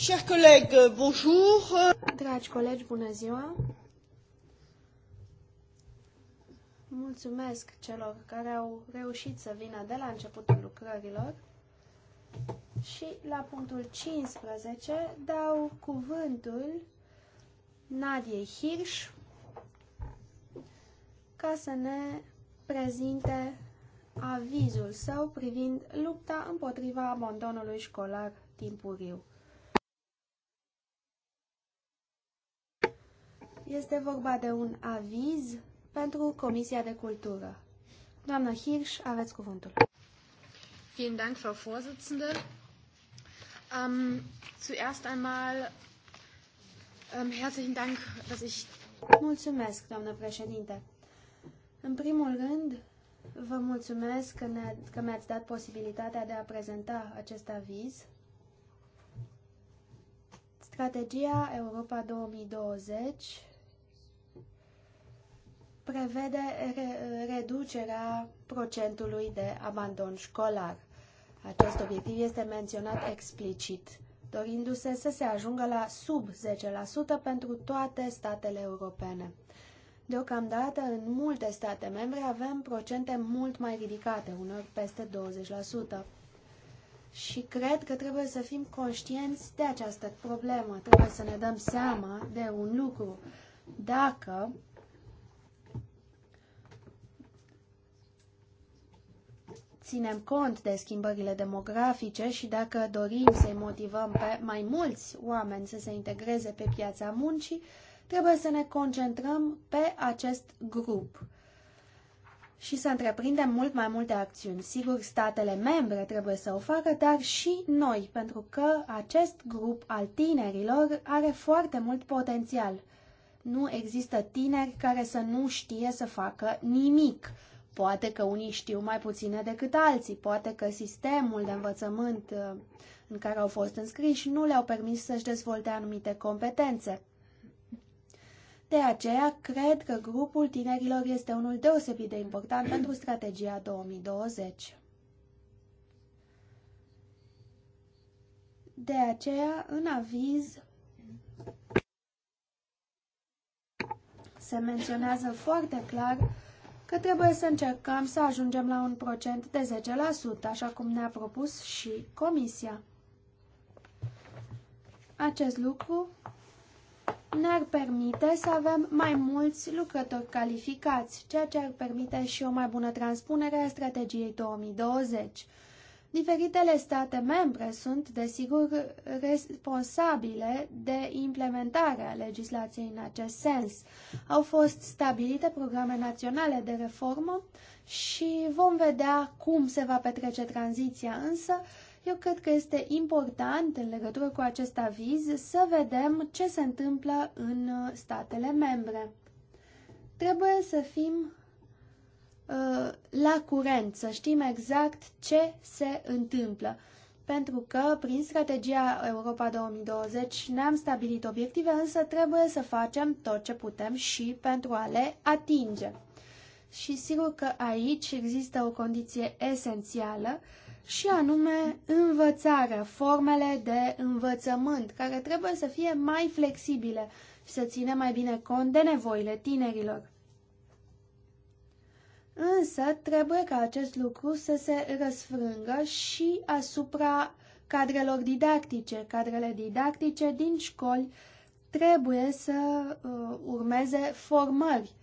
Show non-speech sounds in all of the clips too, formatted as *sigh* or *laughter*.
Chers collègues, euh, bonjour. Dragi colegi, bună ziua. Mulțumesc celor care au reușit să vină de la începutul lucrărilor. Și la punctul 15 dau cuvântul Nadiei Hirsch ca să ne prezinte avizul său privind lupta împotriva abandonului școlar timpuriu. Este vorba de un aviz pentru Comisia de Cultură. Doamna Hirsch, aveți cuvântul. Vielen Dank, Frau Vorsitzende. Ähm, zuerst einmal ähm, herzlichen Dank, dass ich... Mulțumesc, doamnă președinte. În primul rând, vă mulțumesc că, ne, că mi-ați dat posibilitatea de a prezenta acest aviz. Strategia Europa 2020 prevede reducerea procentului de abandon școlar. Acest obiectiv este menționat explicit, dorindu-se să se ajungă la sub 10% pentru toate statele europene. Deocamdată, în multe state membre avem procente mult mai ridicate, uneori peste 20%. Și cred că trebuie să fim conștienți de această problemă, trebuie să ne dăm seama de un lucru. Dacă ținem cont de schimbările demografice și dacă dorim să-i motivăm pe mai mulți oameni să se integreze pe piața muncii, trebuie să ne concentrăm pe acest grup și să întreprindem mult mai multe acțiuni. Sigur, statele membre trebuie să o facă, dar și noi, pentru că acest grup al tinerilor are foarte mult potențial. Nu există tineri care să nu știe să facă nimic Poate că unii știu mai puține decât alții, poate că sistemul de învățământ uh, în care au fost înscriși nu le-au permis să-și dezvolte anumite competențe. De aceea, cred că grupul tinerilor este unul deosebit de important *clears throat* pentru strategia 2020. De aceea, în aviz, se menționează foarte clar că trebuie să încercăm să ajungem la un procent de 10%, așa cum ne-a propus și Comisia. Acest lucru ne-ar permite să avem mai mulți lucrători calificați, ceea ce ar permite și o mai bună transpunere a strategiei 2020 Diferitele state membre sunt, desigur, responsabile de implementarea legislației în acest sens. Au fost stabilite programe naționale de reformă și vom vedea cum se va petrece tranziția, însă eu cred că este important, în legătură cu acest aviz, să vedem ce se întâmplă în statele membre. Trebuie să fim Uh, la curent, să știm exact ce se întâmplă. Pentru că prin strategia Europa 2020 ne-am stabilit obiective, însă trebuie să facem tot ce putem și pentru a le atinge. Și sigur că aici există o condiție esențială și anume învățarea, formele de învățământ, care trebuie să fie mai flexibile și să ține mai bine cont de nevoile tinerilor. Însă trebuie ca acest lucru să se răsfrângă și asupra cadrelor didactice. Cadrele didactice din școli trebuie să uh, urmeze formări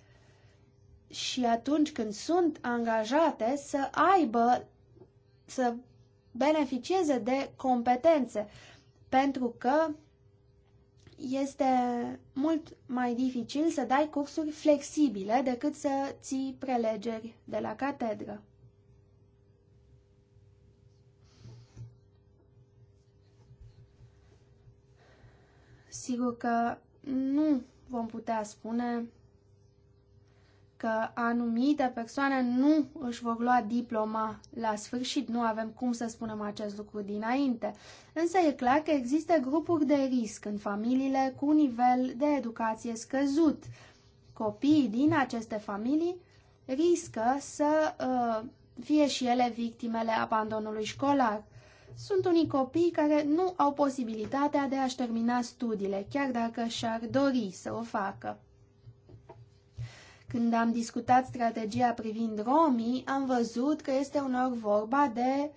și atunci când sunt angajate să aibă, să beneficieze de competențe, pentru că este mult mai dificil să dai cursuri flexibile decât să ții prelegeri de la catedră. Sigur că nu vom putea spune că anumite persoane nu își vor lua diploma la sfârșit, nu avem cum să spunem acest lucru dinainte. Însă e clar că există grupuri de risc în familiile cu nivel de educație scăzut. Copiii din aceste familii riscă să uh, fie și ele victimele abandonului școlar. Sunt unii copii care nu au posibilitatea de a-și termina studiile, chiar dacă și-ar dori să o facă. Când am discutat strategia privind romii, am văzut că este unor vorba de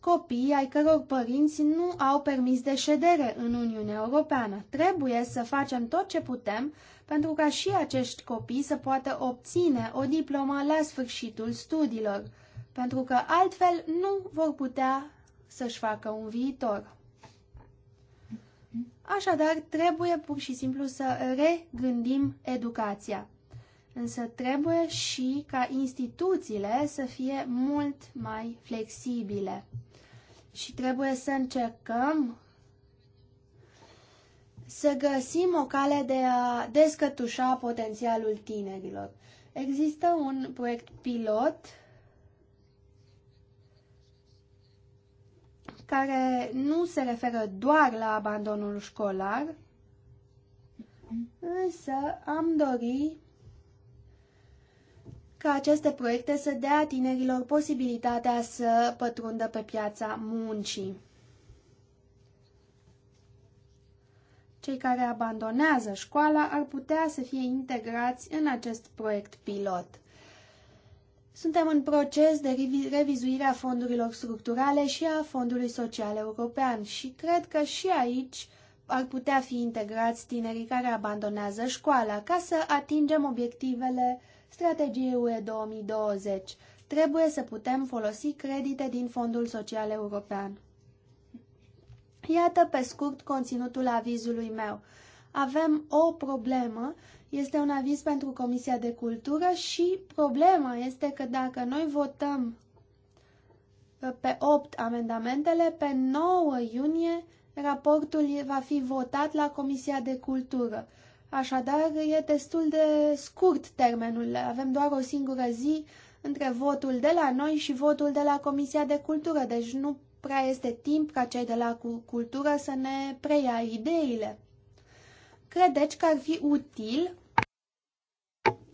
copii ai căror părinți nu au permis de ședere în Uniunea Europeană. Trebuie să facem tot ce putem pentru ca și acești copii să poată obține o diplomă la sfârșitul studiilor, pentru că altfel nu vor putea să-și facă un viitor. Așadar, trebuie pur și simplu să regândim educația. Însă trebuie și ca instituțiile să fie mult mai flexibile. Și trebuie să încercăm să găsim o cale de a descătușa potențialul tinerilor. Există un proiect pilot care nu se referă doar la abandonul școlar, însă am dorit ca aceste proiecte să dea tinerilor posibilitatea să pătrundă pe piața muncii. Cei care abandonează școala ar putea să fie integrați în acest proiect pilot. Suntem în proces de revizuire a fondurilor structurale și a Fondului Social European și cred că și aici ar putea fi integrați tinerii care abandonează școala ca să atingem obiectivele Strategie UE 2020. Trebuie să putem folosi credite din Fondul Social European. Iată pe scurt conținutul avizului meu. Avem o problemă, este un aviz pentru Comisia de Cultură și problema este că dacă noi votăm uh, pe 8 amendamentele, pe 9 iunie raportul e, va fi votat la Comisia de Cultură. Așadar, e destul de scurt termenul. Avem doar o singură zi între votul de la noi și votul de la Comisia de Cultură, deci nu prea este timp ca cei de la Cultură să ne preia ideile. Credeți că ar fi util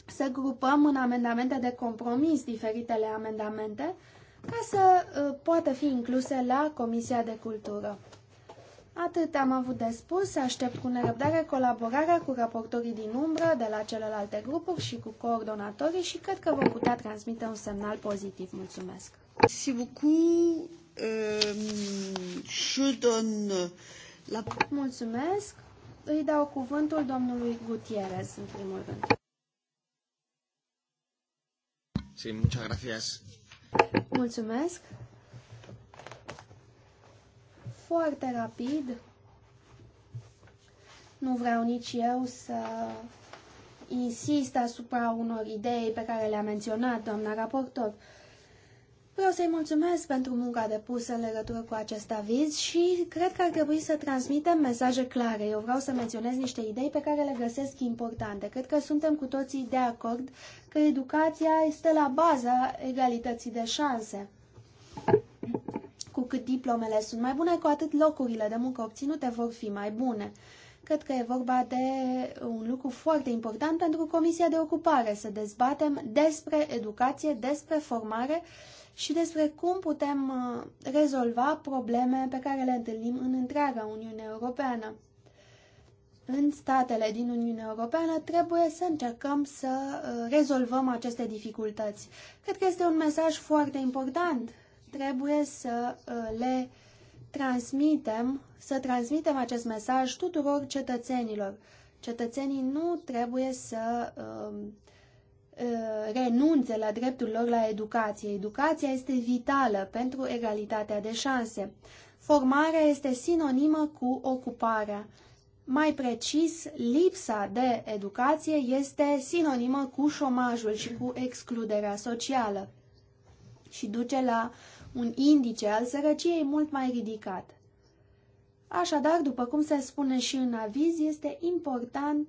să grupăm în amendamente de compromis diferitele amendamente ca să uh, poată fi incluse la Comisia de Cultură? Atât am avut de spus, aștept cu nerăbdare colaborarea cu raportorii din umbră de la celelalte grupuri și cu coordonatorii și cred că vom putea transmite un semnal pozitiv. Mulțumesc! Merci beaucoup. Euh, je la... Mulțumesc! Îi dau cuvântul domnului Gutierrez, în primul rând. Sí, muchas gracias. Mulțumesc! foarte rapid. Nu vreau nici eu să insist asupra unor idei pe care le-a menționat doamna raportor. Vreau să-i mulțumesc pentru munca depusă în legătură cu acest aviz și cred că ar trebui să transmitem mesaje clare. Eu vreau să menționez niște idei pe care le găsesc importante. Cred că suntem cu toții de acord că educația este la baza egalității de șanse. Cu cât diplomele sunt mai bune, cu atât locurile de muncă obținute vor fi mai bune. Cred că e vorba de un lucru foarte important pentru Comisia de Ocupare, să dezbatem despre educație, despre formare și despre cum putem uh, rezolva probleme pe care le întâlnim în întreaga Uniune Europeană. În statele din Uniunea Europeană trebuie să încercăm să uh, rezolvăm aceste dificultăți. Cred că este un mesaj foarte important trebuie să uh, le transmitem, să transmitem acest mesaj tuturor cetățenilor. Cetățenii nu trebuie să um, uh, renunțe la dreptul lor la educație. Educația este vitală pentru egalitatea de șanse. Formarea este sinonimă cu ocuparea. Mai precis, lipsa de educație este sinonimă cu șomajul și cu excluderea socială și duce la uh, un indice al sărăciei mult mai ridicat. Așadar, după cum se spune și în aviz, este important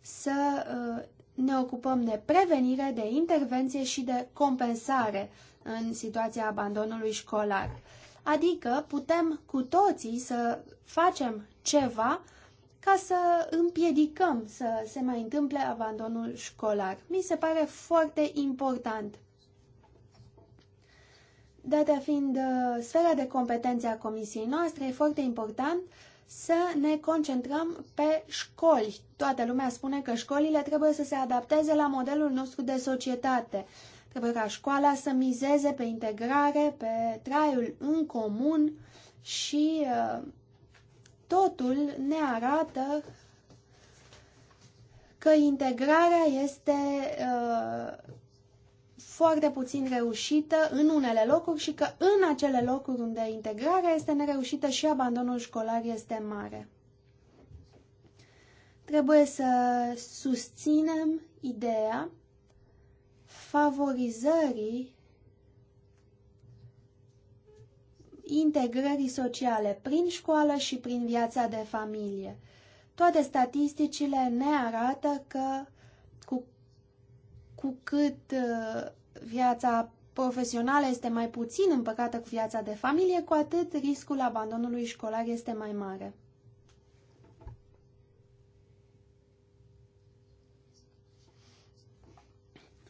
să uh, ne ocupăm de prevenire, de intervenție și de compensare în situația abandonului școlar. Adică putem cu toții să facem ceva ca să împiedicăm să se mai întâmple abandonul școlar. Mi se pare foarte important. Data fiind uh, sfera de competențe a comisiei noastre, e foarte important să ne concentrăm pe școli. Toată lumea spune că școlile trebuie să se adapteze la modelul nostru de societate. Trebuie ca școala să mizeze pe integrare, pe traiul în comun și uh, totul ne arată că integrarea este uh, foarte puțin reușită în unele locuri și că în acele locuri unde integrarea este nereușită și abandonul școlar este mare. Trebuie să susținem ideea favorizării integrării sociale prin școală și prin viața de familie. Toate statisticile ne arată că cu cât uh, viața profesională este mai puțin împăcată cu viața de familie, cu atât riscul abandonului școlar este mai mare.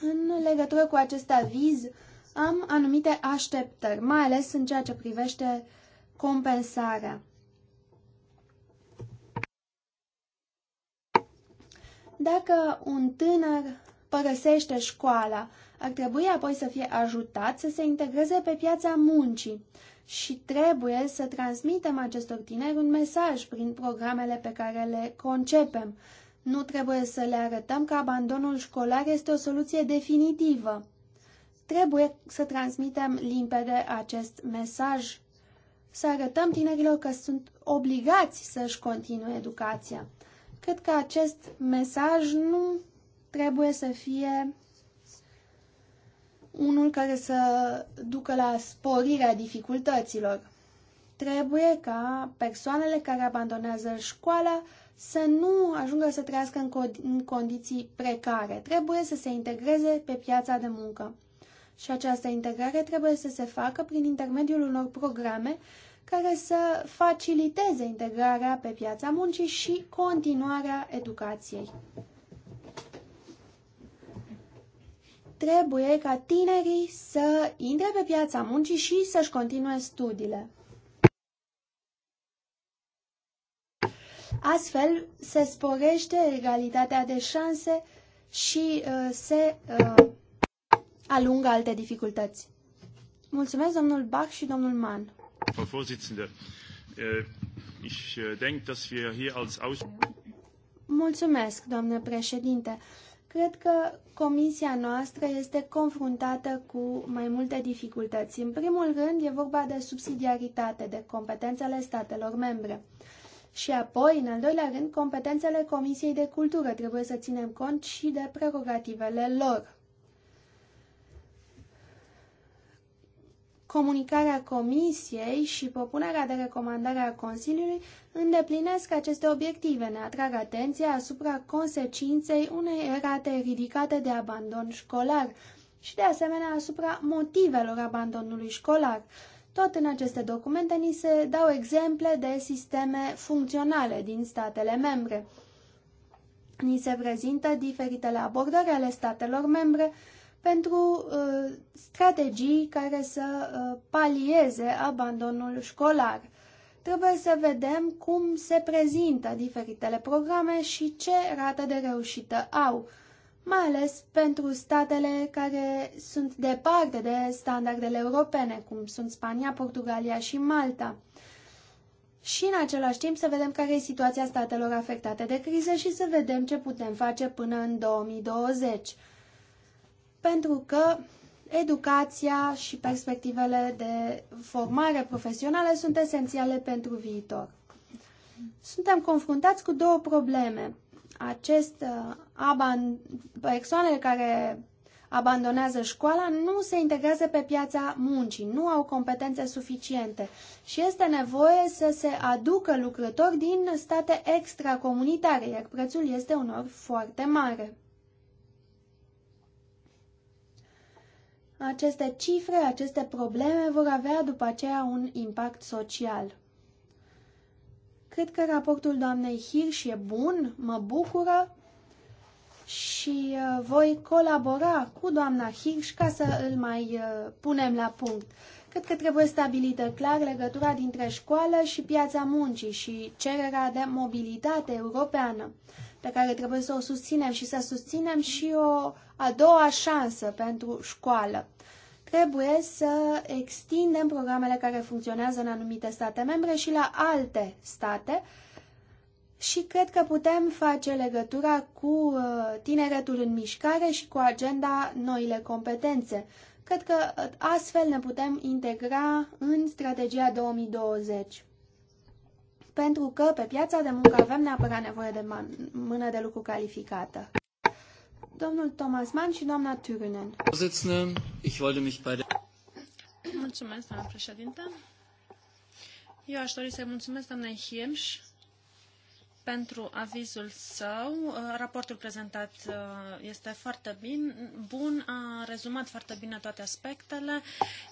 În legătură cu acest aviz, am anumite așteptări, mai ales în ceea ce privește compensarea. Dacă un tânăr părăsește școala. Ar trebui apoi să fie ajutat să se integreze pe piața muncii și trebuie să transmitem acestor tineri un mesaj prin programele pe care le concepem. Nu trebuie să le arătăm că abandonul școlar este o soluție definitivă. Trebuie să transmitem limpede acest mesaj, să arătăm tinerilor că sunt obligați să-și continue educația. Cred că acest mesaj nu trebuie să fie unul care să ducă la sporirea dificultăților. Trebuie ca persoanele care abandonează școala să nu ajungă să trăiască în, co- în condiții precare. Trebuie să se integreze pe piața de muncă. Și această integrare trebuie să se facă prin intermediul unor programe care să faciliteze integrarea pe piața muncii și continuarea educației. trebuie ca tinerii să intre pe piața muncii și să-și continue studiile. Astfel se sporește egalitatea de șanse și uh, se uh, alungă alte dificultăți. Mulțumesc, domnul Bach și domnul Mann. Äh, äh, Mulțumesc, domnule președinte. Uh, Cred că comisia noastră este confruntată cu mai multe dificultăți. În primul rând, e vorba de subsidiaritate, de competențele statelor membre. Și apoi, în al doilea rând, competențele Comisiei de Cultură trebuie să ținem cont și de prerogativele lor. comunicarea Comisiei și propunerea de recomandare a Consiliului îndeplinesc aceste obiective, ne atrag atenția asupra consecinței unei rate ridicate de abandon școlar și de asemenea asupra motivelor abandonului școlar. Tot în aceste documente ni se dau exemple de sisteme funcționale din statele membre. Ni se prezintă diferitele abordări ale statelor membre pentru uh, strategii care să uh, palieze abandonul școlar. Trebuie să vedem cum se prezintă diferitele programe și ce rată de reușită au, mai ales pentru statele care sunt departe de standardele europene, cum sunt Spania, Portugalia și Malta. Și în același timp să vedem care e situația statelor afectate de criză și să vedem ce putem face până în 2020 pentru că educația și perspectivele de formare profesională sunt esențiale pentru viitor. Suntem confruntați cu două probleme. Acest uh, aban... persoanele care abandonează școala nu se integrează pe piața muncii, nu au competențe suficiente și este nevoie să se aducă lucrători din state extracomunitare, iar prețul este unor foarte mare. aceste cifre, aceste probleme vor avea după aceea un impact social. Cred că raportul doamnei Hirsch e bun, mă bucură și uh, voi colabora cu doamna Hirsch ca să îl mai uh, punem la punct. Cred că trebuie stabilită clar legătura dintre școală și piața muncii și cererea de mobilitate europeană pe care trebuie să o susținem și să susținem și o a doua șansă pentru școală. Trebuie să extindem programele care funcționează în anumite state membre și la alte state și cred că putem face legătura cu uh, tineretul în mișcare și cu agenda noile competențe. Cred că uh, astfel ne putem integra în strategia 2020 pentru că pe piața de muncă avem neapărat nevoie de mână de lucru calificată. Domnul Thomas Mann și doamna Turunen. Mulțumesc, doamna președintă. Eu aș dori să-i mulțumesc doamnei Hiemș pentru avizul său. Raportul prezentat uh, este foarte bine, bun, a rezumat foarte bine toate aspectele.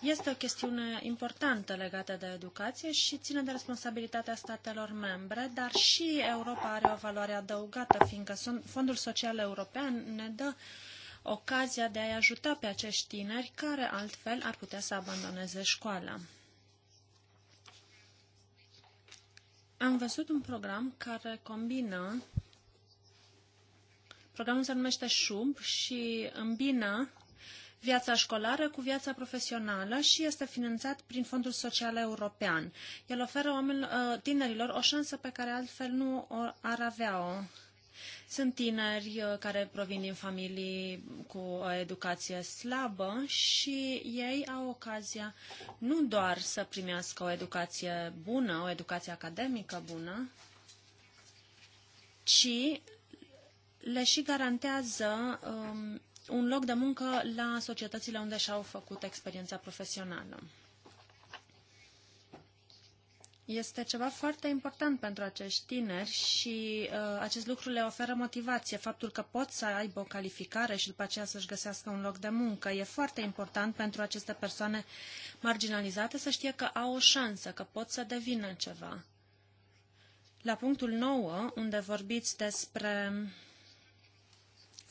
Este o chestiune importantă legată de educație și ține de responsabilitatea statelor membre, dar și Europa are o valoare adăugată, fiindcă Fondul Social European ne dă ocazia de a-i ajuta pe acești tineri care altfel ar putea să abandoneze școala. Am văzut un program care combină programul se numește Șub și îmbină viața școlară cu viața profesională și este finanțat prin Fondul Social European. El oferă oamenilor, uh, tinerilor o șansă pe care altfel nu ar avea-o. Sunt tineri uh, care provin din familii cu o educație slabă și ei au ocazia nu doar să primească o educație bună, o educație academică bună, ci le și garantează um, un loc de muncă la societățile unde și-au făcut experiența profesională este ceva foarte important pentru acești tineri și uh, acest lucru le oferă motivație. Faptul că pot să aibă o calificare și după aceea să-și găsească un loc de muncă e foarte important pentru aceste persoane marginalizate să știe că au o șansă, că pot să devină ceva. La punctul 9, unde vorbiți despre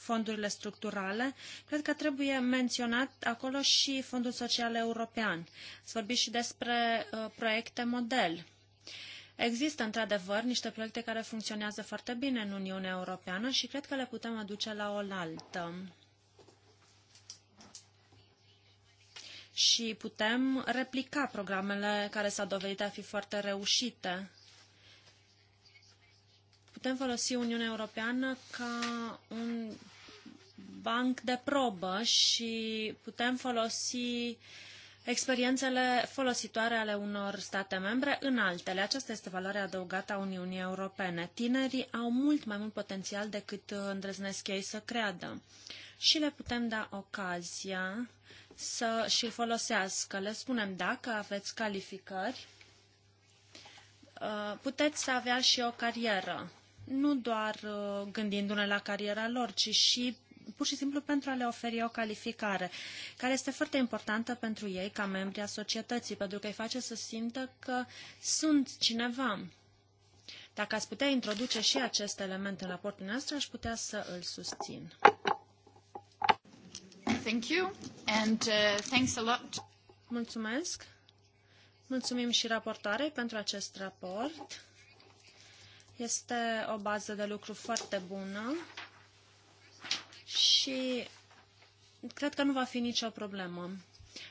fondurile structurale, cred că trebuie menționat acolo și Fondul Social European. Să vorbit și despre uh, proiecte model. Există, într-adevăr, niște proiecte care funcționează foarte bine în Uniunea Europeană și cred că le putem aduce la oaltă. Și putem replica programele care s-au dovedit a fi foarte reușite putem folosi Uniunea Europeană ca un banc de probă și putem folosi experiențele folositoare ale unor state membre în altele. Aceasta este valoarea adăugată a Uniunii Europene. Tinerii au mult mai mult potențial decât îndrăznesc ei să creadă și le putem da ocazia să și folosească. Le spunem dacă aveți calificări, uh, puteți să avea și o carieră. Nu doar uh, gândindu-ne la cariera lor, ci și pur și simplu pentru a le oferi o calificare, care este foarte importantă pentru ei ca membri a societății, pentru că îi face să simtă că sunt cineva. Dacă ați putea introduce și acest element în raportul nostru, aș putea să îl susțin. Thank you and uh, thanks a lot. Mulțumesc. Mulțumim și raportoarei pentru acest raport. Este o bază de lucru foarte bună și cred că nu va fi nicio problemă.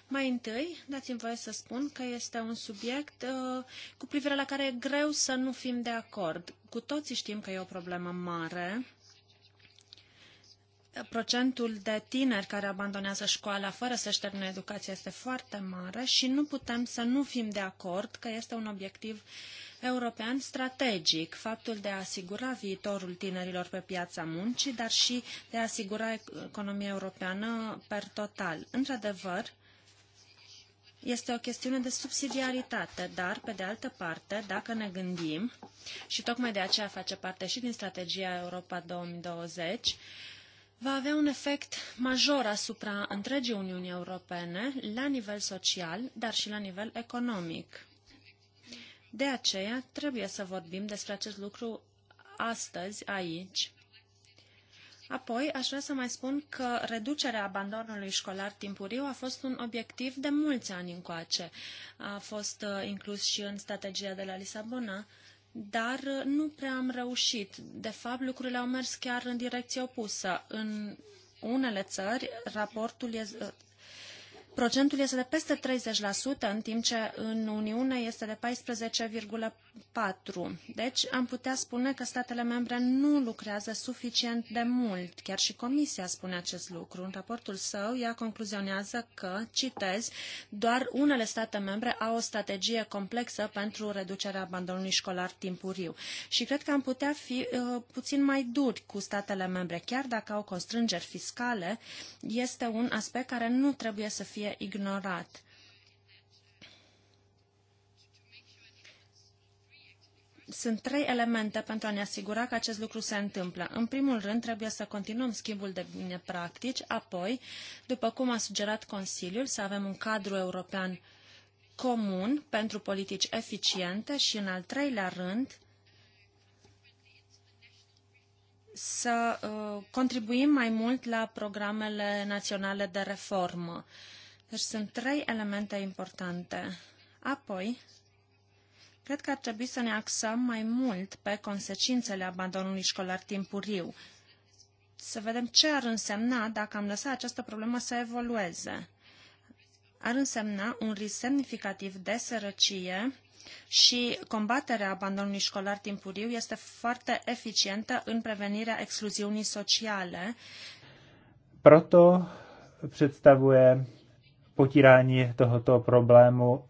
Mai întâi, dați-mi voie să spun că este un subiect uh, cu privire la care e greu să nu fim de acord. Cu toții știm că e o problemă mare. Procentul de tineri care abandonează școala fără să-și termine educația este foarte mare și nu putem să nu fim de acord că este un obiectiv uh, european strategic, faptul de a asigura viitorul tinerilor pe piața muncii, dar și de a asigura economia europeană per total. Într-adevăr, este o chestiune de subsidiaritate, dar, pe de altă parte, dacă ne gândim, și tocmai de aceea face parte și din strategia Europa 2020, va avea un efect major asupra întregii Uniunii Europene, la nivel social, dar și la nivel economic. De aceea trebuie să vorbim despre acest lucru astăzi, aici. Apoi, aș vrea să mai spun că reducerea abandonului școlar timpuriu a fost un obiectiv de mulți ani încoace. A fost uh, inclus și în strategia de la Lisabona, dar uh, nu prea am reușit. De fapt, lucrurile au mers chiar în direcție opusă. În unele țări, raportul e, uh, procentul este de peste 30%, în timp ce în Uniune este de 14,4%. Deci am putea spune că statele membre nu lucrează suficient de mult. Chiar și Comisia spune acest lucru. În raportul său, ea concluzionează că, citez, doar unele state membre au o strategie complexă pentru reducerea abandonului școlar timpuriu. Și cred că am putea fi uh, puțin mai duri cu statele membre, chiar dacă au constrângeri fiscale, este un aspect care nu trebuie să fie je ignorat. Sunt trei elemente pentru a ne asigura că acest lucru se întâmplă. În primul rând, trebuie să continuăm schimbul de bine practici, apoi, după cum a sugerat Consiliul, să avem un cadru european comun pentru politici eficiente și, în al treilea rând, să uh, contribuim mai mult la programele naționale de reformă. Uh, Deci sunt trei elemente importante. Apoi, cred că ar trebui să ne axăm mai mult pe consecințele abandonului școlar timpuriu. Să vedem ce ar însemna dacă am lăsat această problemă să evolueze. Ar însemna un risc semnificativ de sărăcie și combaterea abandonului școlar timpuriu este foarte eficientă în prevenirea excluziunii sociale. Proto představuje potírání tohoto problému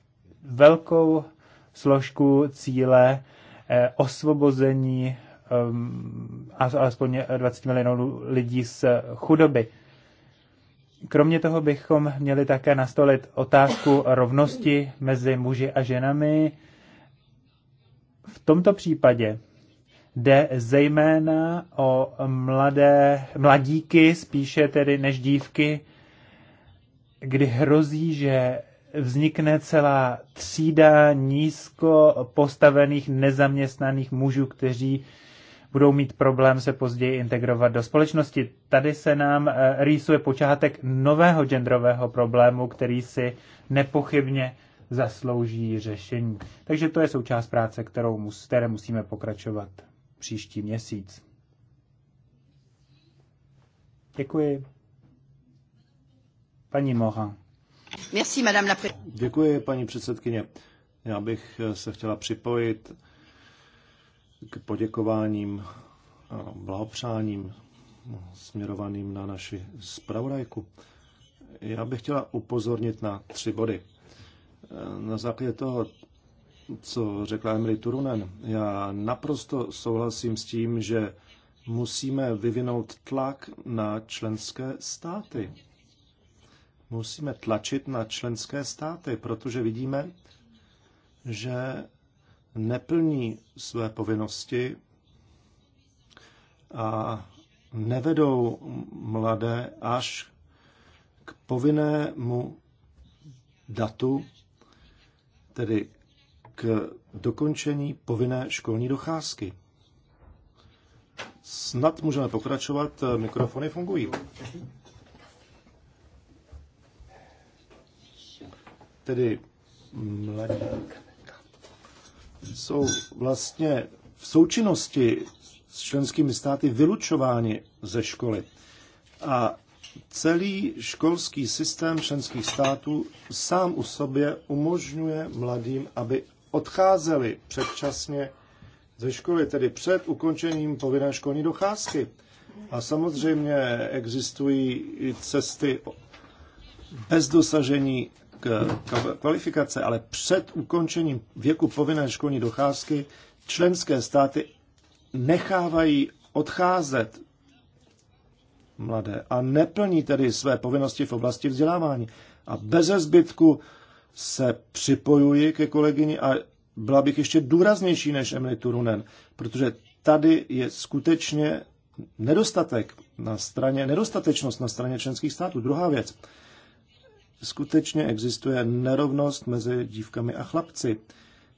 velkou složku cíle eh, osvobození ehm, alespoň 20 milionů lidí z chudoby. Kromě toho bychom měli také nastolit otázku rovnosti mezi muži a ženami. V tomto případě jde zejména o mladé, mladíky, spíše tedy než dívky, kdy hrozí, že vznikne celá třída nízko postavených nezaměstnaných mužů, kteří budou mít problém se později integrovat do společnosti. Tady se nám eh, rýsuje počátek nového genderového problému, který si nepochybně zaslouží řešení. Takže to je součást práce, kterou mus, které musíme pokračovat příští měsíc. Děkuji. Paní Moha. Merci, madame la Děkuji, paní předsedkyně. Já bych eh, se chtěla připojit k poděkováním a blahopřáním směrovaným na naši zpravodajku. Já bych chtěla upozornit na tři body. Eh, na základě toho, co řekla Emily Turunen, já naprosto souhlasím s tím, že musíme vyvinout tlak na členské státy musíme tlačit na členské státy, protože vidíme, že neplní své povinnosti a nevedou mladé až k povinnému datu, tedy k dokončení povinné školní docházky. Snad můžeme pokračovat, mikrofony fungují. tedy mladí, jsou vlastně v součinnosti s členskými státy vylučováni ze školy. A celý školský systém členských států sám u sobě umožňuje mladým, aby odcházeli předčasně ze školy, tedy před ukončením povinné školní docházky. A samozřejmě existují cesty bez dosažení kvalifikace, ale před ukončením věku povinné školní docházky členské státy nechávají odcházet mladé a neplní tedy své povinnosti v oblasti vzdělávání. A bez zbytku se připojuji ke kolegyni a byla bych ještě důraznější než Emily Turunen, protože tady je skutečně nedostatek na straně, nedostatečnost na straně členských států. Druhá věc, skutečně existuje nerovnost mezi dívkami a chlapci.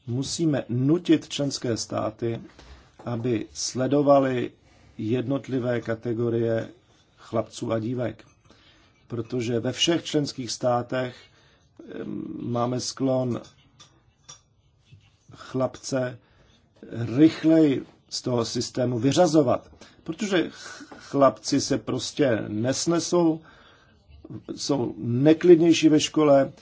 Musíme nutit členské státy, aby sledovali jednotlivé kategorie chlapců a dívek. Protože ve všech členských státech máme sklon chlapce rychleji z toho systému vyřazovat. Protože chlapci se prostě nesnesou jsou neklidnější ve škole,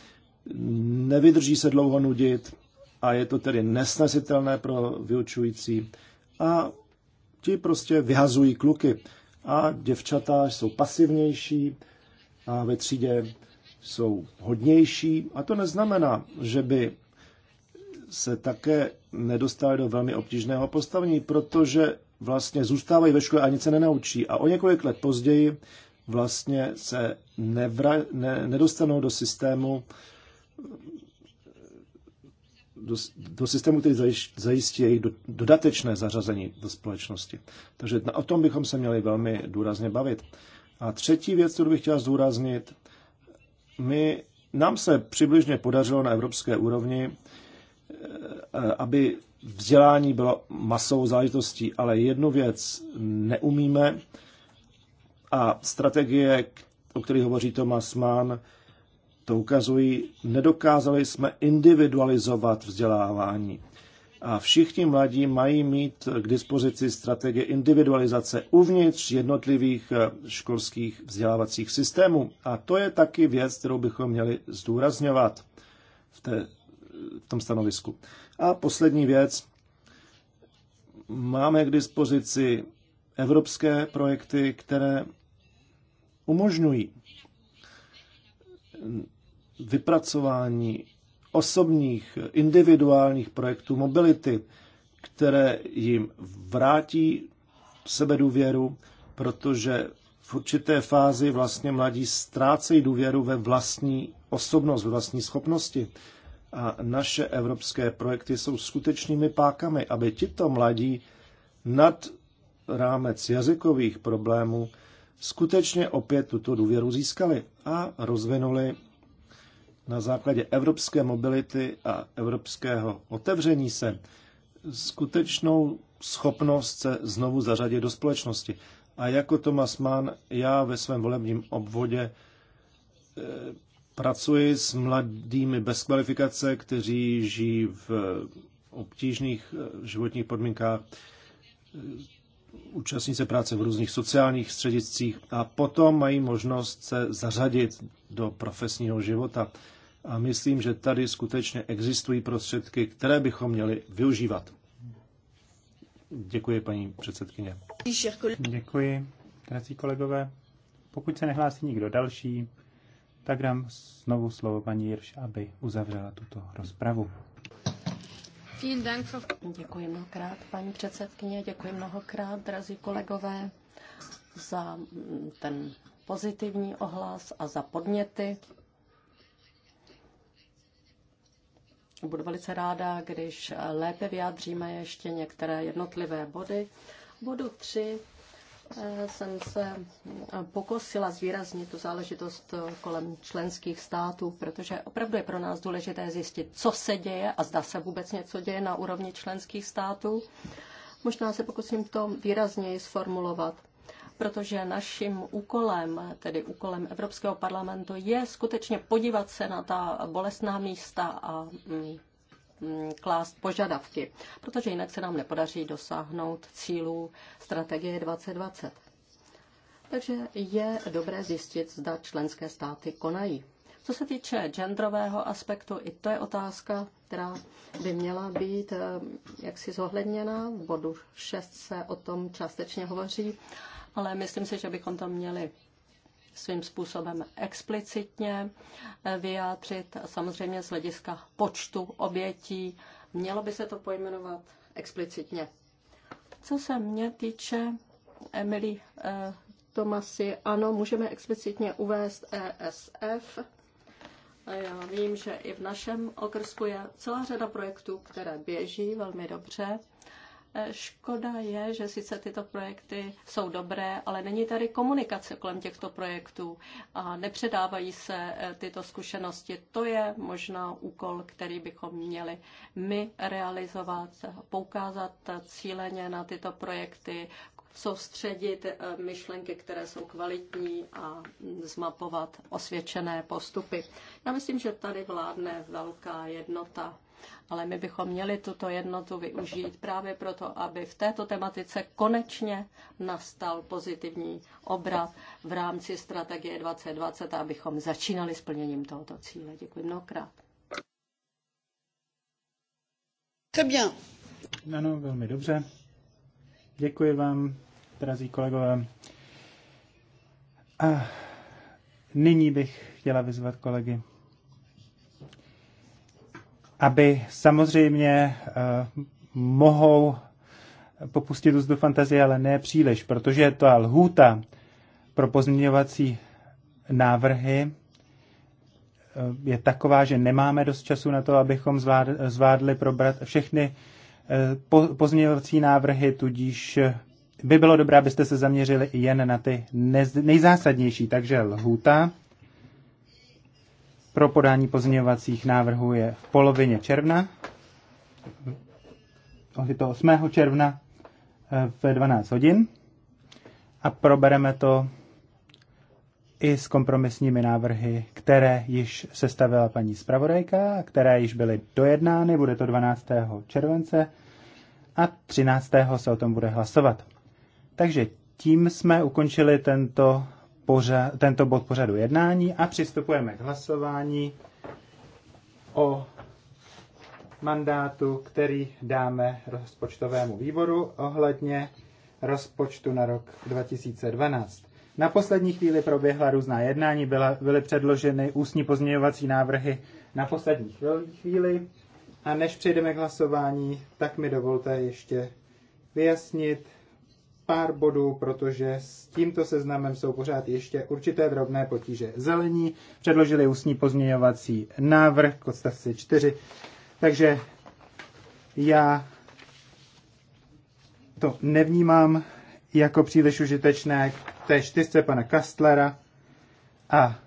nevydrží se dlouho nudit a je to tedy nesnesitelné pro vyučující. A ti prostě vyhazují kluky. A děvčata jsou pasivnější a ve třídě jsou hodnější. A to neznamená, že by se také nedostali do velmi obtížného postavení, protože vlastně zůstávají ve škole a nic se nenaučí. A o několik let později vlastně se nevra, ne, nedostanou do systému, do, do systému, který zajistí jejich dodatečné zařazení do společnosti. Takže o tom bychom se měli velmi důrazně bavit. A třetí věc, kterou bych chtěl zdůraznit, my, nám se přibližně podařilo na evropské úrovni, eh, aby vzdělání bylo masovou záležitostí, ale jednu věc neumíme, a strategie, o kterých hovoří Thomas Mann, to ukazují, nedokázali jsme individualizovat vzdělávání. A všichni mladí mají mít k dispozici strategie individualizace uvnitř jednotlivých eh, školských vzdělávacích systémů. A to je taky věc, kterou bychom měli zdůrazňovat v, té, eh, v tom stanovisku. A poslední věc. Máme k dispozici evropské projekty, které umožňují vypracování osobních, individuálních projektů mobility, které jim vrátí sebedůvěru, protože v určité fázi vlastně mladí ztrácejí důvěru ve vlastní osobnost, ve vlastní schopnosti. A naše evropské projekty jsou skutečnými pákami, aby tito mladí nad rámec jazykových problémů skutečně opět tuto důvěru získali a rozvinuli na základě evropské mobility a evropského otevření se skutečnou schopnost se znovu zařadit do společnosti. A jako Thomas Mann, já ve svém volebním obvodě eh, pracuji s mladými bez kvalifikace, kteří žijí v obtížných eh, životních podmínkách, eh, účastní se práce v různých sociálních střediscích a potom mají možnost se zařadit do profesního života. A myslím, že tady skutečně existují prostředky, které bychom měli využívat. Děkuji, paní předsedkyně. Děkuji, drazí kolegové. Pokud se nehlásí nikdo další, tak dám znovu slovo paní Jirš, aby uzavřela tuto rozpravu. Děkuji mnohokrát, paní předsedkyně, děkuji mnohokrát, drazí kolegové, za ten pozitivní ohlas a za podněty. Budu velice ráda, když lépe vyjádříme ještě některé jednotlivé body. Bodu tři. Eh, jsem se eh, pokosila zvýraznit tu záležitost eh, kolem členských států, protože opravdu je pro nás důležité zjistit, co se děje a zda se vůbec něco děje na úrovni členských států. Možná se pokusím to výrazněji sformulovat, protože naším úkolem, tedy úkolem Evropského parlamentu, je skutečně podívat se na ta bolestná místa a mm, Mm, klást požadavky, protože jinak se nám nepodaří dosáhnout cílů strategie 2020. Takže je dobré zjistit, zda členské státy konají. Co se týče genderového aspektu, i to je otázka, která by měla být eh, jaksi zohledněna. V bodu 6 se o tom částečně hovoří, ale myslím si, že bychom to měli svým způsobem explicitně vyjádřit. Samozřejmě z hlediska počtu obětí mělo by se to pojmenovat explicitně. Co se mě týče, Emily eh, Tomasi, ano, můžeme explicitně uvést ESF. A já vím, že i v našem okrsku je celá řada projektů, které běží velmi dobře Škoda je, že sice tyto projekty jsou dobré, ale není tady komunikace kolem těchto projektů a nepředávají se eh, tyto zkušenosti. To je možná úkol, který bychom měli my realizovat, poukázat cíleně na tyto projekty, soustředit eh, myšlenky, které jsou kvalitní a zmapovat osvědčené postupy. Já myslím, že tady vládne velká jednota ale my bychom měli tuto jednotu využít právě proto, aby v této tematice konečně nastal pozitivní obrat v rámci strategie 2020 a abychom začínali s plněním tohoto cíle. Děkuji mnohokrát. Très bien. Ano, velmi dobře. Děkuji vám, drazí kolegové. A nyní bych chtěla vyzvat kolegy aby samozřejmě eh, mohou popustit úzdu fantazie, ale ne příliš, protože ta lhůta pro pozměňovací návrhy eh, je taková, že nemáme dost času na to, abychom zvládli probrat všechny eh, pozměňovací návrhy, tudíž by bylo dobré, abyste se zaměřili jen na ty nejzásadnější. Takže lhůta pro podání pozměňovacích návrhů je v polovině června, je to 8. června eh, ve 12 hodin a probereme to i s kompromisními návrhy, které již sestavila paní zpravodajka, které již byly dojednány, bude to 12. července a 13. se o tom bude hlasovat. Takže tím jsme ukončili tento pořad, tento bod pořadu jednání a přistupujeme k hlasování o mandátu, který dáme rozpočtovému výboru ohledně rozpočtu na rok 2012. Na poslední chvíli proběhla různá jednání, byla, byly předloženy ústní pozměňovací návrhy na poslední chvíli. A než přejdeme k hlasování, tak mi dovolte ještě vyjasnit pár bodů, protože s tímto seznamem jsou pořád ještě určité drobné potíže. Zelení předložili ústní pozměňovací návrh k odstavci 4, takže já to nevnímám jako příliš užitečné k té čtyřce pana Kastlera a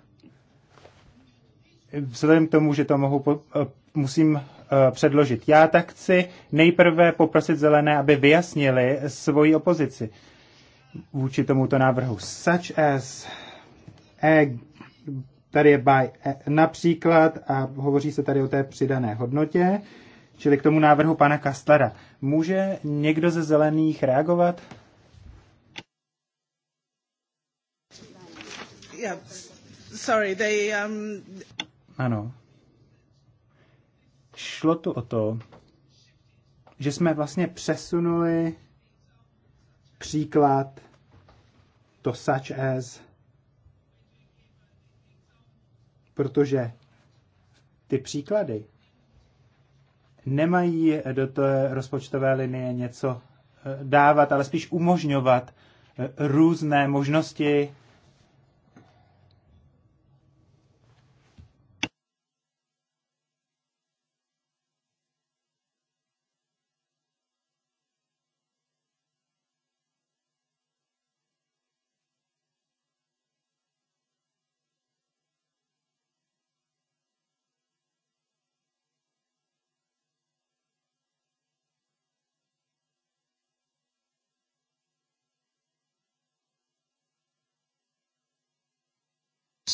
vzhledem k tomu, že to mohu, musím Eh, předložit. Já tak chci nejprve poprosit zelené, aby vyjasnili svoji opozici vůči tomuto návrhu. Such as e, tady je by a, eh, například a hovoří se tady o té přidané hodnotě, čili k tomu návrhu pana Kastlera. Může někdo ze zelených reagovat? Yeah. Sorry, they, um... Ano. Šlo tu o to, že jsme vlastně přesunuli příklad to such as, protože ty příklady nemají do té rozpočtové linie něco eh, dávat, ale spíš umožňovat eh, různé možnosti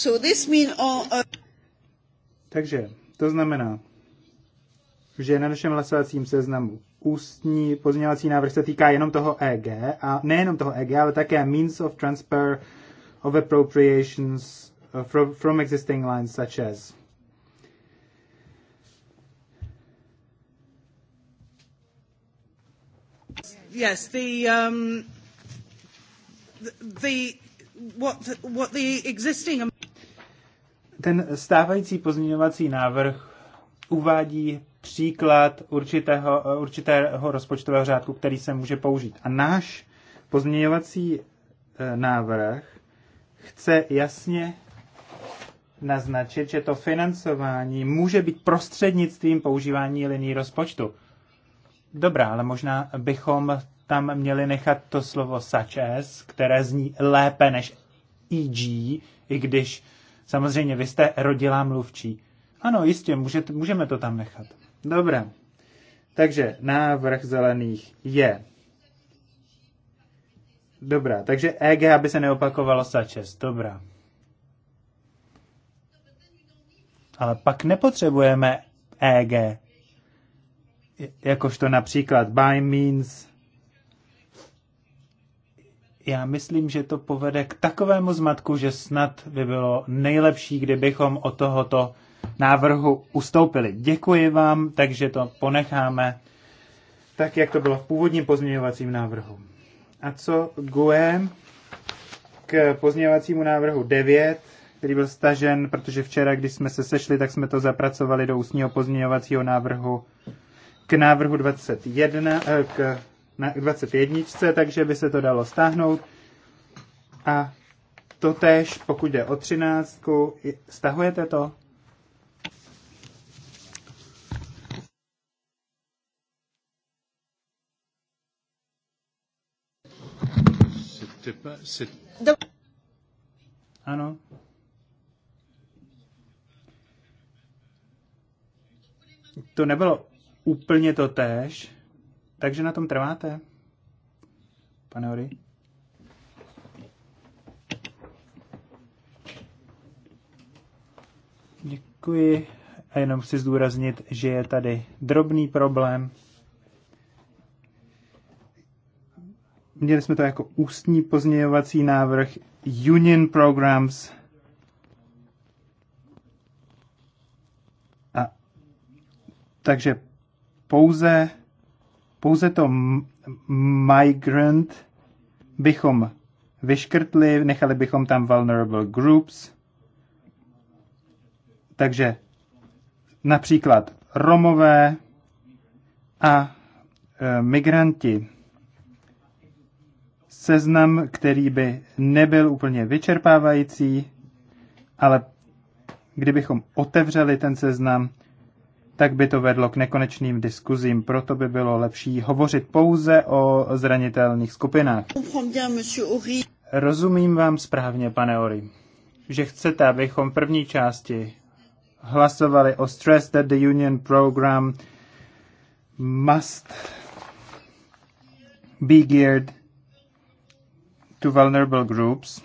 So this mean all, oh, uh... Takže to znamená, že na našem hlasovacím seznamu ústní pozměňovací návrh se týká jenom toho EG, a nejenom toho EG, ale také means of transfer of appropriations uh, from, from existing lines such as. Yes, the, um, the, what, what the existing ten stávající pozměňovací návrh uvádí příklad určitého, určitého rozpočtového řádku, který se může použít. A náš pozměňovací e, návrh chce jasně naznačit, že to financování může být prostřednictvím používání liní rozpočtu. Dobrá, ale možná bychom tam měli nechat to slovo such as, které zní lépe než EG, i když Samozřejmě, vy jste rodilá mluvčí. Ano, jistě, můžete, můžeme to tam nechat. Dobré. Takže návrh zelených je. Dobrá, takže EG, aby se neopakovalo sačes. Dobrá. Ale pak nepotřebujeme EG. Jakožto například by means já myslím, že to povede k takovému zmatku, že snad by bylo nejlepší, kdybychom od tohoto návrhu ustoupili. Děkuji vám, takže to ponecháme tak, jak to bylo v původním pozměňovacím návrhu. A co GUE k pozměňovacímu návrhu 9, který byl stažen, protože včera, když jsme se sešli, tak jsme to zapracovali do ústního pozměňovacího návrhu k návrhu 21, eh, k na 21, takže by se to dalo stáhnout. A to tež, pokud jde o 13, stahujete to? Ano. To nebylo úplně to tež. Takže na tom trváte, pane Ory? Děkuji. A jenom chci zdůraznit, že je tady drobný problém. Měli jsme to jako ústní pozměňovací návrh Union Programs. A takže pouze pouze to migrant bychom vyškrtli, nechali bychom tam vulnerable groups. Takže například Romové a e, migranti. Seznam, který by nebyl úplně vyčerpávající, ale kdybychom otevřeli ten seznam, tak by to vedlo k nekonečným diskuzím. Proto by bylo lepší hovořit pouze o zranitelných skupinách. Rozumím vám správně, pane Ori, že chcete, abychom v první části hlasovali o Stress that the Union Program must be geared to vulnerable groups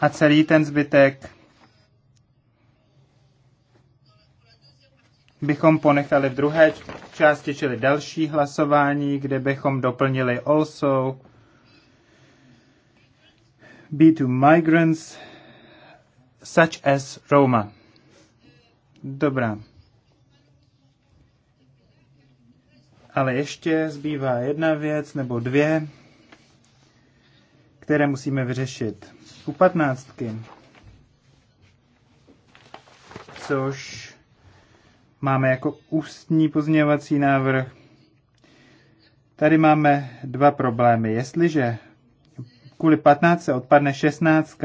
a celý ten zbytek bychom ponechali v druhé části, čili další hlasování, kde bychom doplnili also B2 migrants such as Roma. Dobrá. Ale ještě zbývá jedna věc nebo dvě, které musíme vyřešit. U patnáctky, což máme jako ústní pozměňovací návrh. Tady máme dva problémy. Jestliže kvůli 15 odpadne 16,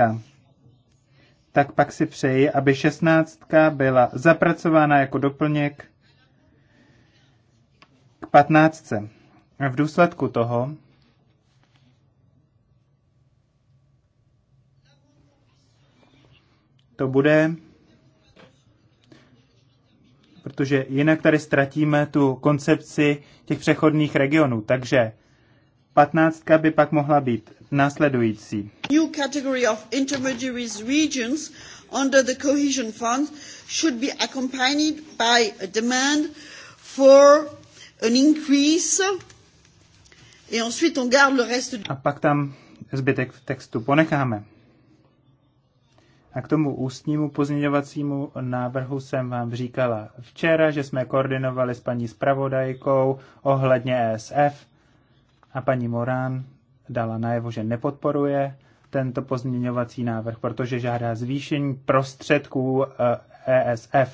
tak pak si přeji, aby 16 byla zapracována jako doplněk k 15. V důsledku toho to bude protože jinak tady ztratíme tu koncepci těch přechodných regionů. Takže patnáctka by pak mohla být následující. New category of intermediaries regions under the cohesion fund should be accompanied by a demand for an increase Et ensuite on garde le reste. A pak tam zbytek textu ponecháme. A k tomu ústnímu pozměňovacímu návrhu jsem vám říkala včera, že jsme koordinovali s paní spravodajkou ohledně ESF a paní Morán dala najevo, že nepodporuje tento pozměňovací návrh, protože žádá zvýšení prostředků ESF. Eh, e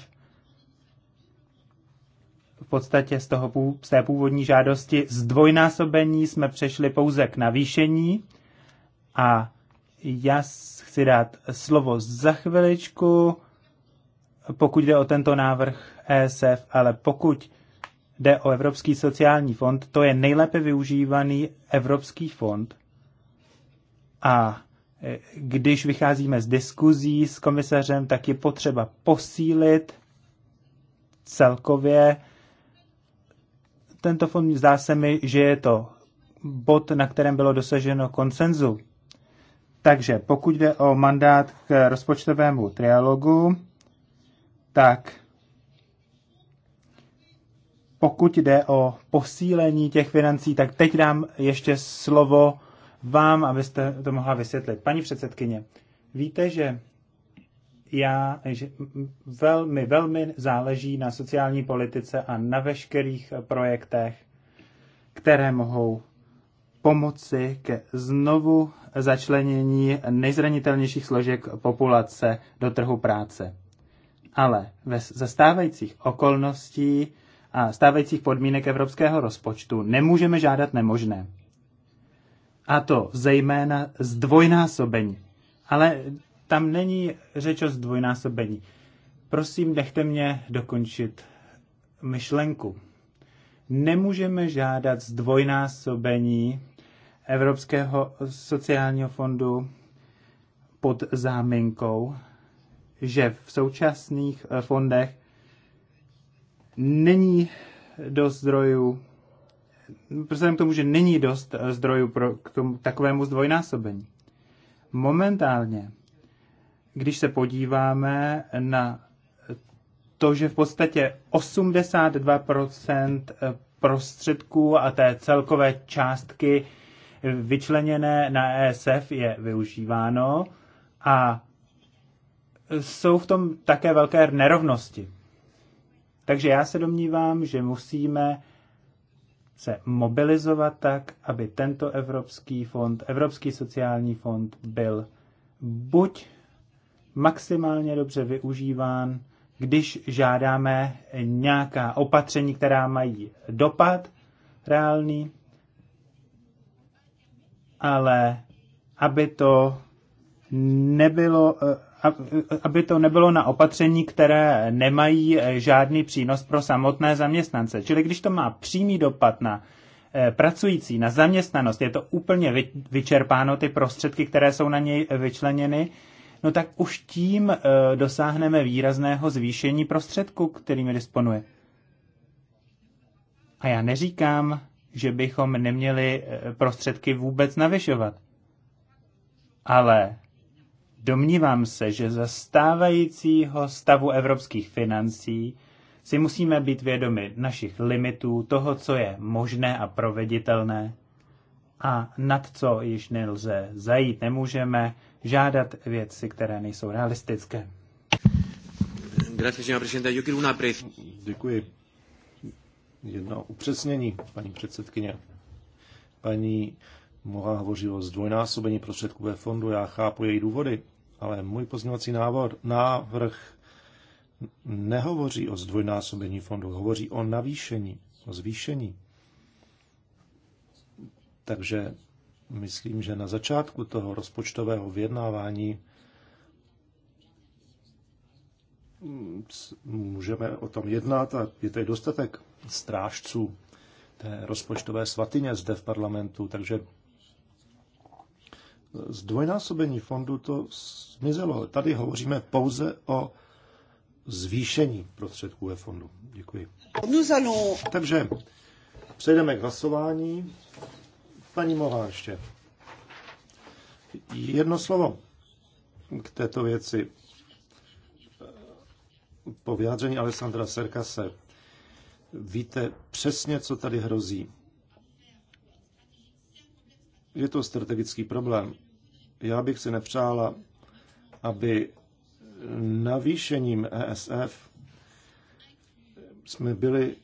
v podstatě z, toho, z té původní žádosti zdvojnásobení jsme přešli pouze k navýšení a já chci dát slovo za chviličku, pokud jde o tento návrh ESF, ale pokud jde o Evropský sociální fond, to je nejlépe využívaný Evropský fond. A e, když vycházíme z diskuzí s komisařem, tak je potřeba posílit celkově tento fond. Zdá se mi, že je to bod, na kterém bylo dosaženo konsenzu takže pokud jde o mandát k rozpočtovému trialogu, tak pokud jde o posílení těch financí, tak teď dám ještě slovo vám, abyste to mohla vysvětlit. Paní předsedkyně, víte, že já, že velmi, velmi záleží na sociální politice a na veškerých projektech, které mohou pomoci ke znovu začlenění nejzranitelnějších složek populace do trhu práce. Ale ve zastávajících okolností a stávajících podmínek evropského rozpočtu nemůžeme žádat nemožné. A to zejména zdvojnásobení. Ale tam není řeč o zdvojnásobení. Prosím, nechte mě dokončit myšlenku. Nemůžeme žádat zdvojnásobení Evropského sociálního fondu pod záminkou, že v současných eh, fondech není dost zdrojů, vzhledem k tomu, že není dost eh, zdrojů pro k tomu, takovému zdvojnásobení. Momentálně, když se podíváme na to, že v podstatě 82% eh, prostředků a té celkové částky vyčleněné na ESF je využíváno a jsou v tom také velké nerovnosti. Takže já se domnívám, že musíme se mobilizovat tak, aby tento Evropský fond, Evropský sociální fond byl buď maximálně dobře využíván, když žádáme nějaká opatření, která mají dopad reálný, ale aby to nebylo, eh, eh, aby to nebylo na opatření, které nemají eh, žádný přínos pro samotné zaměstnance. Čili když to má přímý dopad na pracující, na zaměstnanost, je to úplně vyčerpáno, ty prostředky, které jsou na něj vyčleněny, no tak už tím dosáhneme výrazného zvýšení prostředku, kterými disponuje. A já neříkám, že bychom neměli eh, prostředky vůbec navyšovat. Ale domnívám se, že za stávajícího stavu evropských financí si musíme být vědomi našich limitů, toho, co je možné a proveditelné a nad co již nelze zajít. Nemůžeme žádat věci, které nejsou realistické. Děkuji, jedno upřesnění, paní předsedkyně. Paní mohla hovořit o zdvojnásobení prostředků ve fondu, já chápu její důvody, ale můj pozměňovací návod, návrh nehovoří o zdvojnásobení fondu, hovoří o navýšení, o zvýšení. Takže myslím, že na začátku toho rozpočtového vyjednávání můžeme o tom jednat a je tady dostatek strážců té rozpočtové svatyně zde v parlamentu, takže zdvojnásobení fondu to zmizelo. Tady hovoříme pouze o zvýšení prostředků ve fondu. Děkuji. Takže přejdeme k hlasování. Paní Mohá ještě. Jedno slovo k této věci. Po vyjádření Alessandra Serkase víte přesně, co tady hrozí. Je to strategický problém. Já bych si nepřála, aby navýšením ESF jsme byli,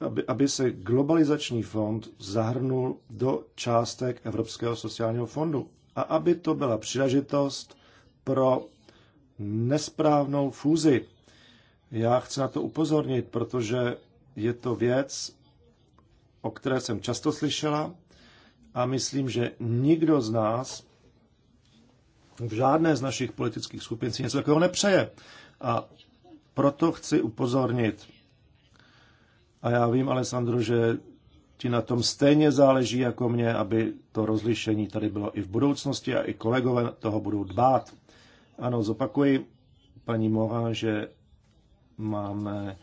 aby, aby se globalizační fond zahrnul do částek Evropského sociálního fondu a aby to byla příležitost pro nesprávnou fúzi já chci na to upozornit, protože je to věc, o které jsem často slyšela a myslím, že nikdo z nás v žádné z našich politických skupin si něco takového nepřeje. A proto chci upozornit. A já vím, Alessandro, že ti na tom stejně záleží jako mě, aby to rozlišení tady bylo i v budoucnosti a i kolegové toho budou dbát. Ano, zopakuji, paní Mohan, že Máme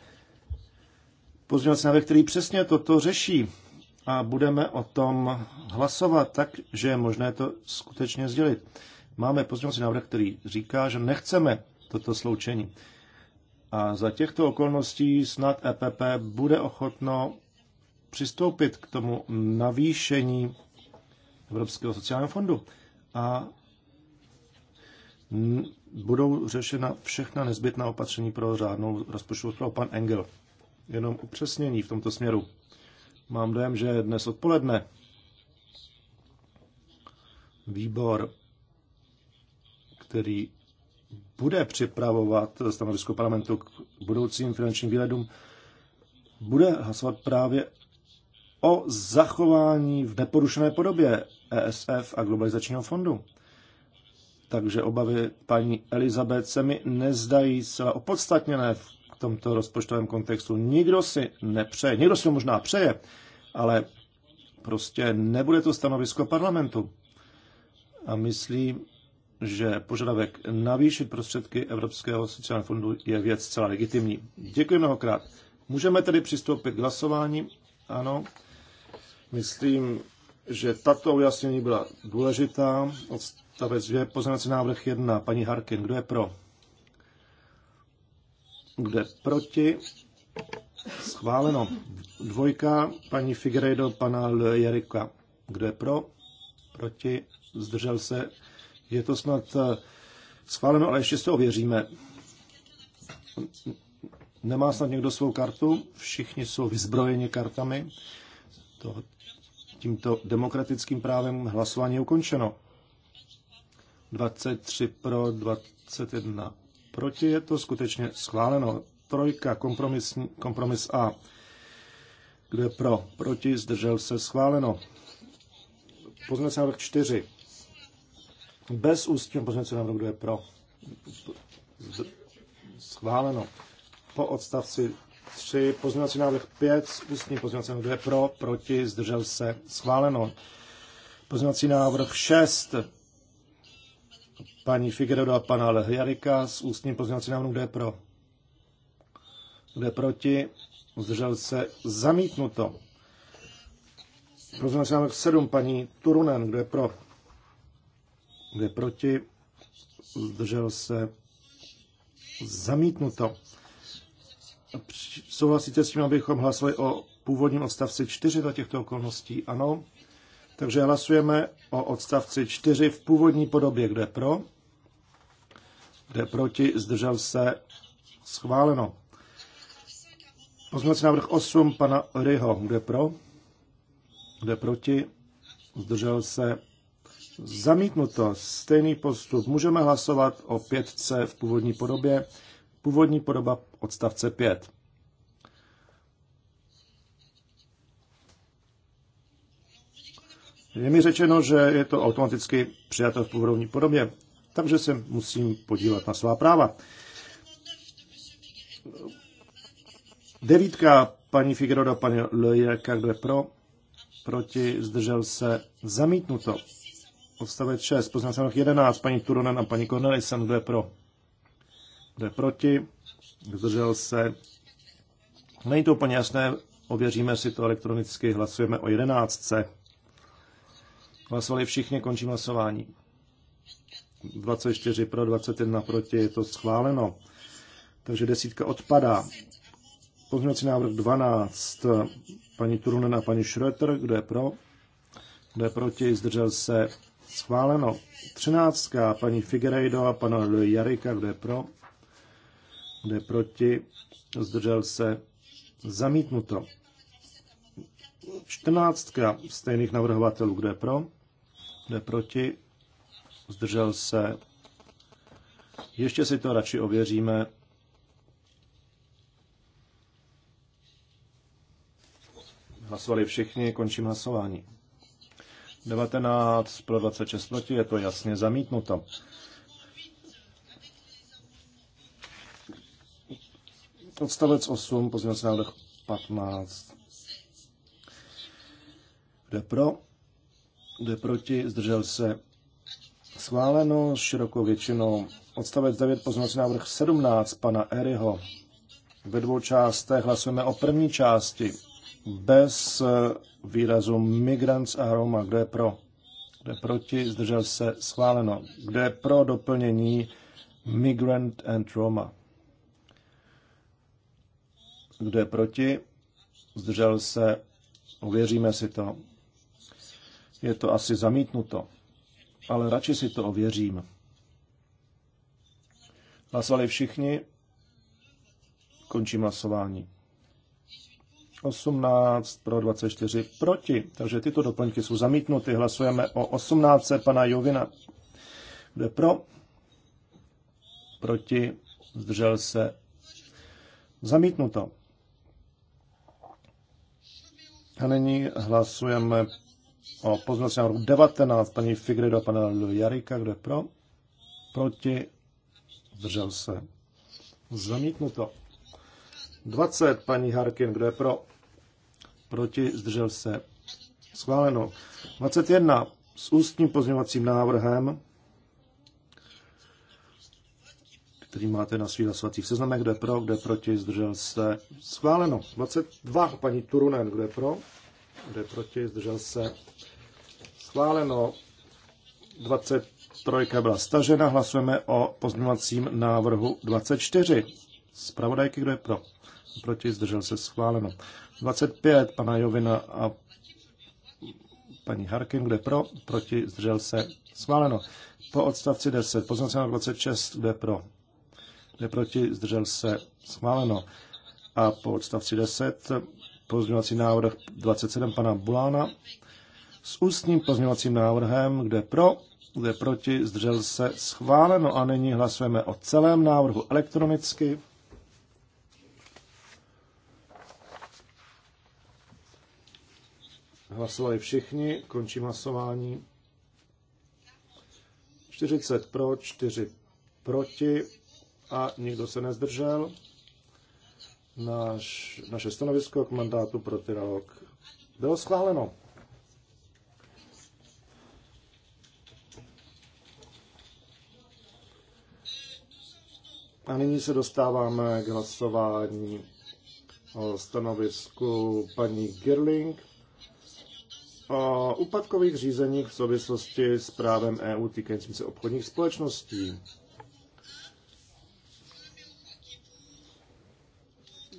pozměňovací návrh, který přesně toto řeší a budeme o tom hlasovat tak, že je možné to skutečně sdělit. Máme pozměňovací návrh, který říká, že nechceme toto sloučení. A za těchto okolností snad EPP bude ochotno přistoupit k tomu navýšení Evropského sociálního fondu. A budou řešena všechna nezbytná opatření pro řádnou rozpočtovou zprávu. Pan Engel, jenom upřesnění v tomto směru. Mám dojem, že dnes odpoledne výbor, který bude připravovat stanovisko parlamentu k budoucím finančním výhledům, bude hlasovat právě o zachování v neporušené podobě ESF a globalizačního fondu takže obavy paní Elizabeth se mi nezdají zcela opodstatněné v tomto rozpočtovém kontextu. Nikdo si nepřeje, nikdo si možná přeje, ale prostě nebude to stanovisko parlamentu. A myslím, že požadavek navýšit prostředky Evropského sociálního fondu je věc zcela legitimní. Děkuji mnohokrát. Můžeme tedy přistoupit k hlasování. Ano, myslím, že tato ujasnění byla důležitá. Odstavec 2, poznací návrh 1, paní Harkin, kdo je pro? Kdo je proti? Schváleno. Dvojka, paní Figueiredo, pana Jerika. Kdo je pro? Proti? Zdržel se? Je to snad eh, schváleno, ale ještě se to ověříme. Nemá snad někdo svou kartu? Všichni jsou vyzbrojeni kartami. To, tímto demokratickým právem hlasování je ukončeno. 23 pro, 21 proti. Je to skutečně schváleno. Trojka, kompromis, kompromis A. Kdo je pro? Proti, zdržel se, schváleno. Pozměňovací návrh 4. Bez ústního pozměňovacího návrhu, kdo je pro? Schváleno. Po odstavci 3, pozměňovací návrh 5, ústní ústním návrh, návrhem 2 pro, proti, zdržel se, schváleno. Pozměňovací návrh 6, paní Figueredo a pana Lehjarika s ústním pozměňovacím návrhem, kde je pro. Kde je proti, zdržel se zamítnuto. Pozměňovací návrh 7, paní Turunen, kde je pro. Kde je proti, zdržel se zamítnuto. Souhlasíte s tím, abychom hlasovali o původním odstavci 4 za těchto okolností? Ano. Takže hlasujeme o odstavci 4 v původní podobě, kde pro, kde proti, zdržel se, schváleno. Pozměňovací návrh 8 pana Ryho, kde pro, kde proti, zdržel se, zamítnuto. Stejný postup. Můžeme hlasovat o pětce v původní podobě. Původní podoba odstavce 5. Je mi řečeno, že je to automaticky přijato v původní podobě takže se musím podívat na svá práva. Devítka, paní Figueroa, paní Leje, jak je pro, proti, zdržel se, zamítnuto. Odstavec 6, poznávám 11, paní Turonen a paní Cornelisen, kdo je pro, kdo je proti, zdržel se. Není to úplně jasné, ověříme si to elektronicky, hlasujeme o 11. Hlasovali všichni, končím hlasování. 24 pro, 21 proti, je to schváleno. Takže desítka odpadá. Pozměňovací návrh 12, paní Turunen a paní Schröter, kdo je pro, kdo je proti, zdržel se, schváleno. 13, paní Figueiredo a pana Jarika, kdo je pro, kdo je proti, zdržel se, zamítnuto. 14, stejných navrhovatelů, kdo je pro, kdo je proti, zdržel se. Ještě si to radši ověříme. Hlasovali všichni, končím hlasování. 19 pro 26 proti, je to jasně zamítnuto. Odstavec 8, pozměňovací návrh 15. Kde pro? Kde proti? Zdržel se Schváleno s širokou většinou. Odstavec 9, pozměňovací návrh 17 pana Eryho. Ve dvou částech hlasujeme o první části bez eh, výrazu migrants a Roma. Kdo je pro? Kdo je proti? Zdržel se schváleno. Kdo je pro doplnění migrant and Roma? Kdo je proti? Zdržel se. Uvěříme si to. Je to asi zamítnuto ale radši si to ověřím. Hlasovali všichni. Končím hlasování. 18 pro 24 proti. Takže tyto doplňky jsou zamítnuty. Hlasujeme o 18 pana Jovina. Kde pro? Proti. Zdržel se. Zamítnuto. A nyní hlasujeme o pozměnacím návrhu 19 paní Figredo a pana Jarika, kdo je pro, proti, zdržel se, zamítnuto. 20 paní Harkin, kdo je pro, proti, zdržel se, schváleno. 21 s ústním pozměňovacím návrhem, který máte na svých hlasovacích seznamech, kdo je pro, kdo je proti, zdržel se, schváleno. 22 paní Turunen, kdo je pro, kdo je proti, zdržel se, Schváleno. 23 byla stažena. Hlasujeme o pozměňovacím návrhu 24. Zpravodajky, kdo je pro? Proti zdržel se schváleno. 25 pana Jovina a paní Harkin, kde pro, proti zdržel se schváleno. Po odstavci 10, poznací 26, kde pro, kde proti zdržel se schváleno. A po odstavci 10, pozměňovací návrh 27 pana Bulána, s ústním pozměňovacím návrhem, kde pro, kde proti, zdržel se schváleno. A nyní hlasujeme o celém návrhu elektronicky. Hlasovali všichni, končím hlasování. 40 pro, 4 proti a nikdo se nezdržel. Naš, naše stanovisko k mandátu pro rok bylo schváleno. A nyní se dostáváme k hlasování o stanovisku paní Girling o úpadkových řízeních v souvislosti s právem EU týkajícím se obchodních společností.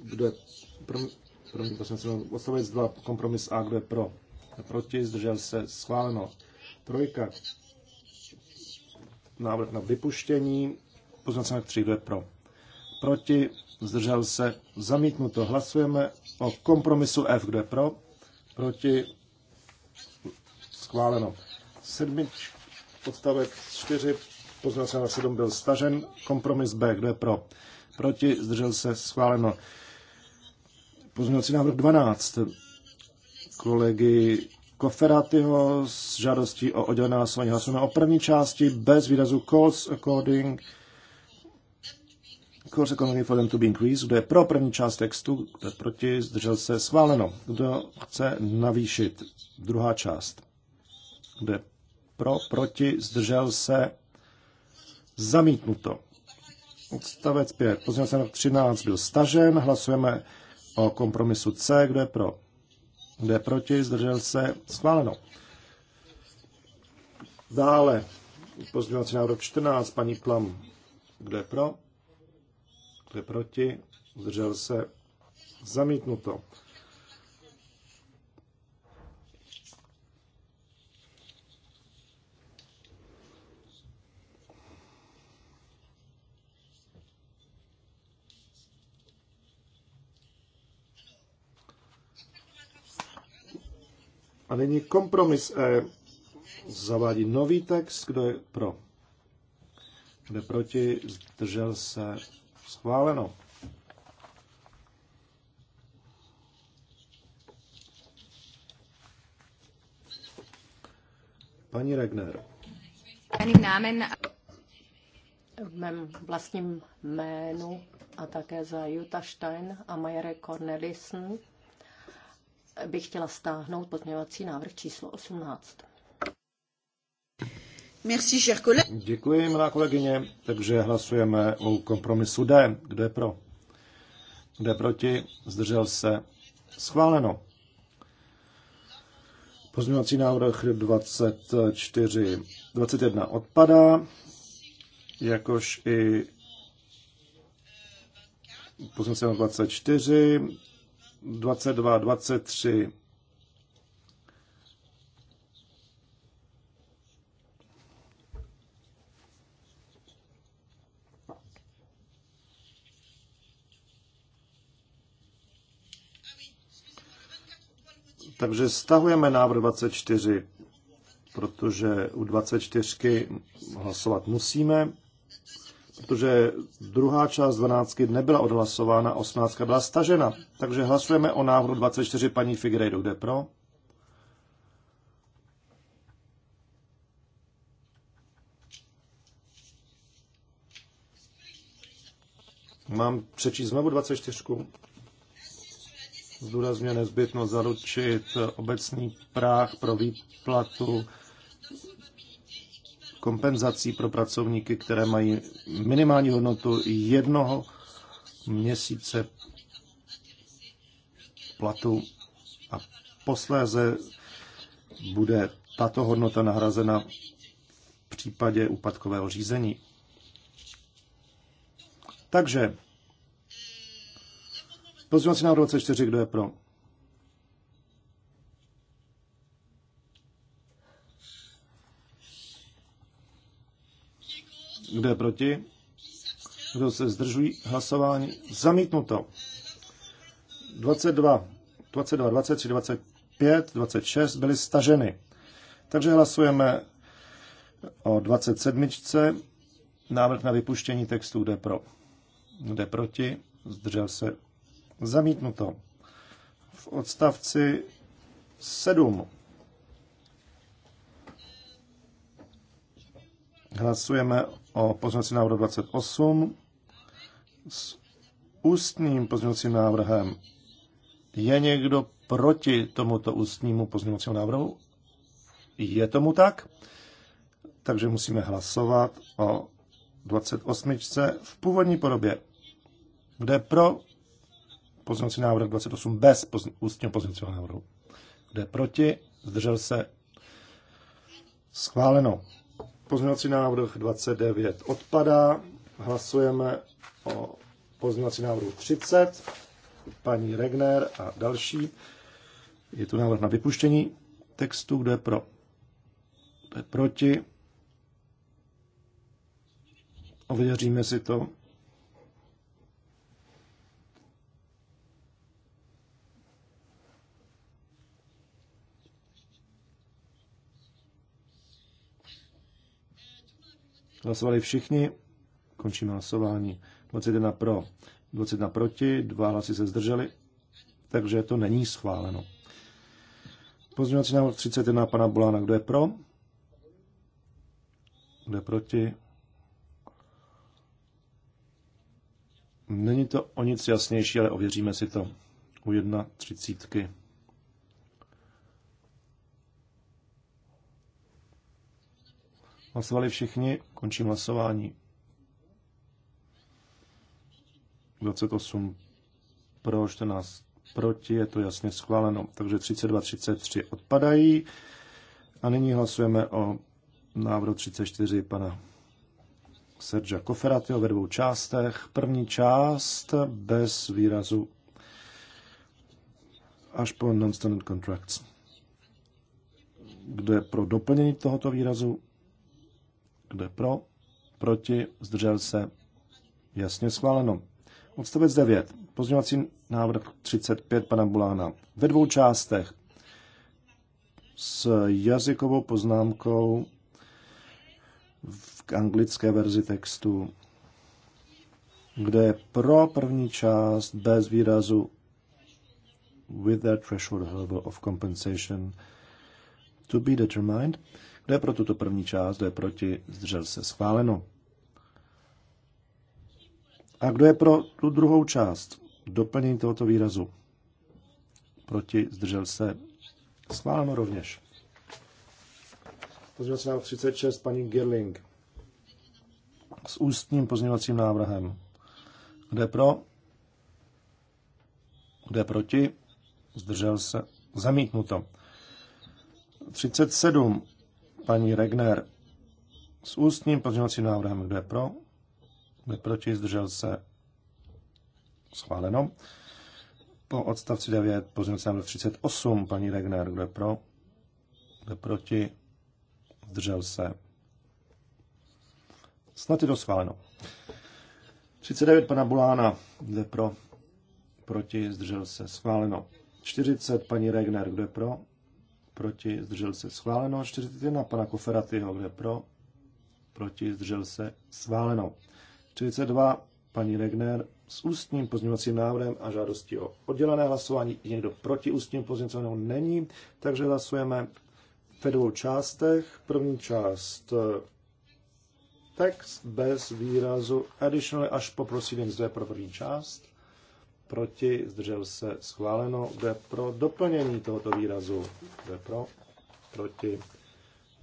Kdo je pro, promiň, prosím, odstavec 2, kompromis A, kdo je pro? Proti, zdržel se, schváleno. Trojka, návrh na vypuštění Pozvací tři 3, kdo je pro? Proti? Zdržel se? Zamítnuto. Hlasujeme o kompromisu F, kdo je pro? Proti? Schváleno. Sedmič, odstavec 4, pozvací návrh 7 byl stažen. Kompromis B, kdo je pro? Proti? Zdržel se? Schváleno. Pozměňovací návrh 12 kolegy Koferatyho s žádostí o oddělené hlasování. Hlasujeme o první části bez výrazu calls according Course Economy for them to be increased. Kdo je pro první část textu, kdo je proti, zdržel se, schváleno. Kdo chce navýšit druhá část, kdo je pro, proti, zdržel se, zamítnuto. Odstavec 5. Pozměňovací na 13 byl stažen. Hlasujeme o kompromisu C. Kdo je pro? Kdo je proti? Zdržel se? Schváleno. Dále pozměňovací návrh 14, paní Plam. Kdo je pro? Kdo je proti? Zdržel se? Zamítnuto. A nyní kompromis E zavádí nový text, kdo je pro. Kdo je proti, zdržel se, Schváleno. Paní Regner. V mém vlastním jménu a také za Jutta Stein a Majere Cornelissen bych chtěla stáhnout pozměňovací návrh číslo 18. Merci, cher Děkuji, milá kolegyně. Takže hlasujeme o kompromisu D. Kdo je pro? Kdo je proti? Zdržel se? Schváleno. Pozměňovací návrh 24, 21 odpadá, jakož i pozměňovací návrh 24, 22, 23 Takže stahujeme návrh 24, protože u 24 hlasovat musíme, protože druhá část 12 nebyla odhlasována, 18 byla stažena. Takže hlasujeme o návrhu 24 paní Figueiredo. Kde pro? Mám přečíst znovu 24 zdůrazňuje nezbytnost zaručit obecný práh pro výplatu kompenzací pro pracovníky, které mají minimální hodnotu jednoho měsíce platu a posléze bude tato hodnota nahrazena v případě úpadkového řízení. Takže Pozměňovací návrh 24, kdo je pro? Kdo je proti? Kdo se zdržují hlasování? Zamítnuto. 22, 22, 23, 25, 26 byly staženy. Takže hlasujeme o 27. Návrh na vypuštění textu jde pro. Jde proti. Zdržel se Zamítnuto. V odstavci 7 hlasujeme o pozměňovacím návrhu 28 s ústním pozměňovacím návrhem. Je někdo proti tomuto ústnímu pozměňovacímu návrhu? Je tomu tak? Takže musíme hlasovat o 28. v původní podobě. Kde pro Pozměňovací návrh 28 bez ústního pozměňovacího návrhu. Kde proti? Zdržel se? Schváleno. Pozměňovací návrh 29 odpadá. Hlasujeme o pozměňovací návrhu 30. Paní Regner a další. Je tu návrh na vypuštění textu. Kdo je pro? Kdo je proti? Ověříme si to. Hlasovali všichni. Končím hlasování. 21 pro, 21 proti, dva hlasy se zdrželi, takže to není schváleno. Pozměňovací návrh 31 pana Bolána. Kdo je pro? Kdo je proti? Není to o nic jasnější, ale ověříme si to u jedna třicítky. Hlasovali všichni, končím hlasování. 28 pro, 14 proti, je to jasně schváleno. Takže 32, 33 odpadají. A nyní hlasujeme o návrhu 34 pana Sergia Koferatio ve dvou částech. První část bez výrazu až po non-standard contracts. Kde pro doplnění tohoto výrazu kdo je pro? Proti? Zdržel se? Jasně schváleno. Odstavec 9. Pozměňovací návrh 35 pana Bulána. Ve dvou částech s jazykovou poznámkou v anglické verzi textu, kde je pro první část bez výrazu with the threshold level of compensation to be determined, kdo je pro tuto první část, kdo je proti, zdržel se schváleno. A kdo je pro tu druhou část, doplnění tohoto výrazu, proti, zdržel se schváleno rovněž. Pozměňovací návrh 36, paní Girling. S ústním pozměňovacím návrhem. Kde pro? Kde proti? Zdržel se. Zamítnuto. 37 paní Regner s ústním pozměňovacím návrhem. Kdo je pro? Kdo je proti? Zdržel se? Schváleno. Po odstavci 9 pozměňovací návrh 38, paní Regner. Kdo je pro? Kdo je proti? Zdržel se? Snad je to schváleno. 39 pana Bulána. Kdo je pro? Proti? Zdržel se? Schváleno. 40 paní Regner. Kdo je pro? proti, zdržel se, schváleno. 41 pana Koferatyho, kde pro, proti, zdržel se, schváleno. 42 paní Regner s ústním pozměňovacím návrhem a žádostí o oddělené hlasování. Je někdo proti ústním pozměňovacím návrhem? Není, takže hlasujeme ve dvou částech. První část eh, text bez výrazu additionally až po prosím zde pro první část proti, zdržel se schváleno, kdo je pro doplnění tohoto výrazu, kdo je pro, proti,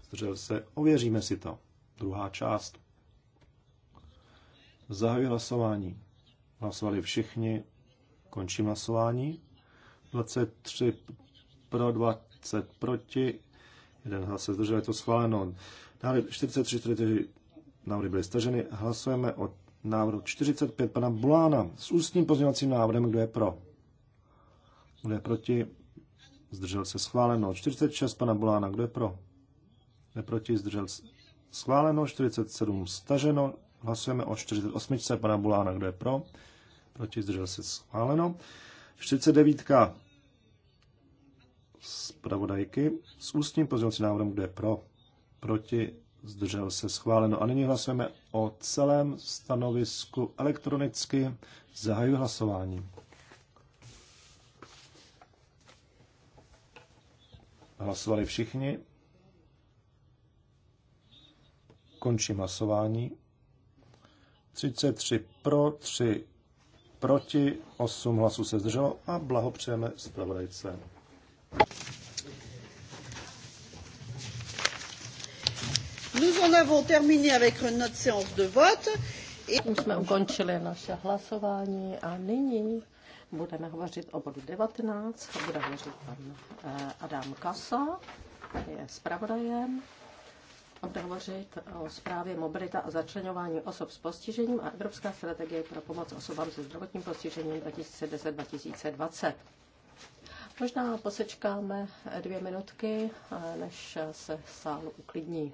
zdržel se, ověříme si to. Druhá část. Zahajuji hlasování. Hlasovali všichni, končím hlasování. 23 pro, 20 proti, jeden hlas se zdržel, je to schváleno. Dále 43, 44 návrhy byly staženy. Hlasujeme o návrhu 45 pana Bulána s ústním pozměňovacím návrhem, kdo je pro. Kdo je proti? Zdržel se schváleno. 46 pana Bulána, kdo je pro? Kdo je proti? Zdržel se schváleno. 47 staženo. Hlasujeme o 48 pana Bulána, kdo je pro? Proti? Zdržel se schváleno. 49 zpravodajky s ústním pozměňovacím návrhem, kdo je pro? Proti? zdržel se schváleno. A nyní hlasujeme o celém stanovisku elektronicky. Zahaju hlasování. Hlasovali všichni. Končím hlasování. 33 pro, 3 proti, 8 hlasů se zdrželo a blahopřejeme zpravodajce. Nous en avons terminé avec notre séance de vote. Et... Už jsme ukončili naše hlasování a nyní budeme hovořit o bodu 19. Bude hovořit pan eh, Adam Kasa, je zpravodajem. A bude hovořit o zprávě mobilita a začlenování osob s postižením a Evropská strategie pro pomoc osobám se zdravotním postižením 2010-2020. Možná posečkáme dvě minutky, eh, než se sál uklidní.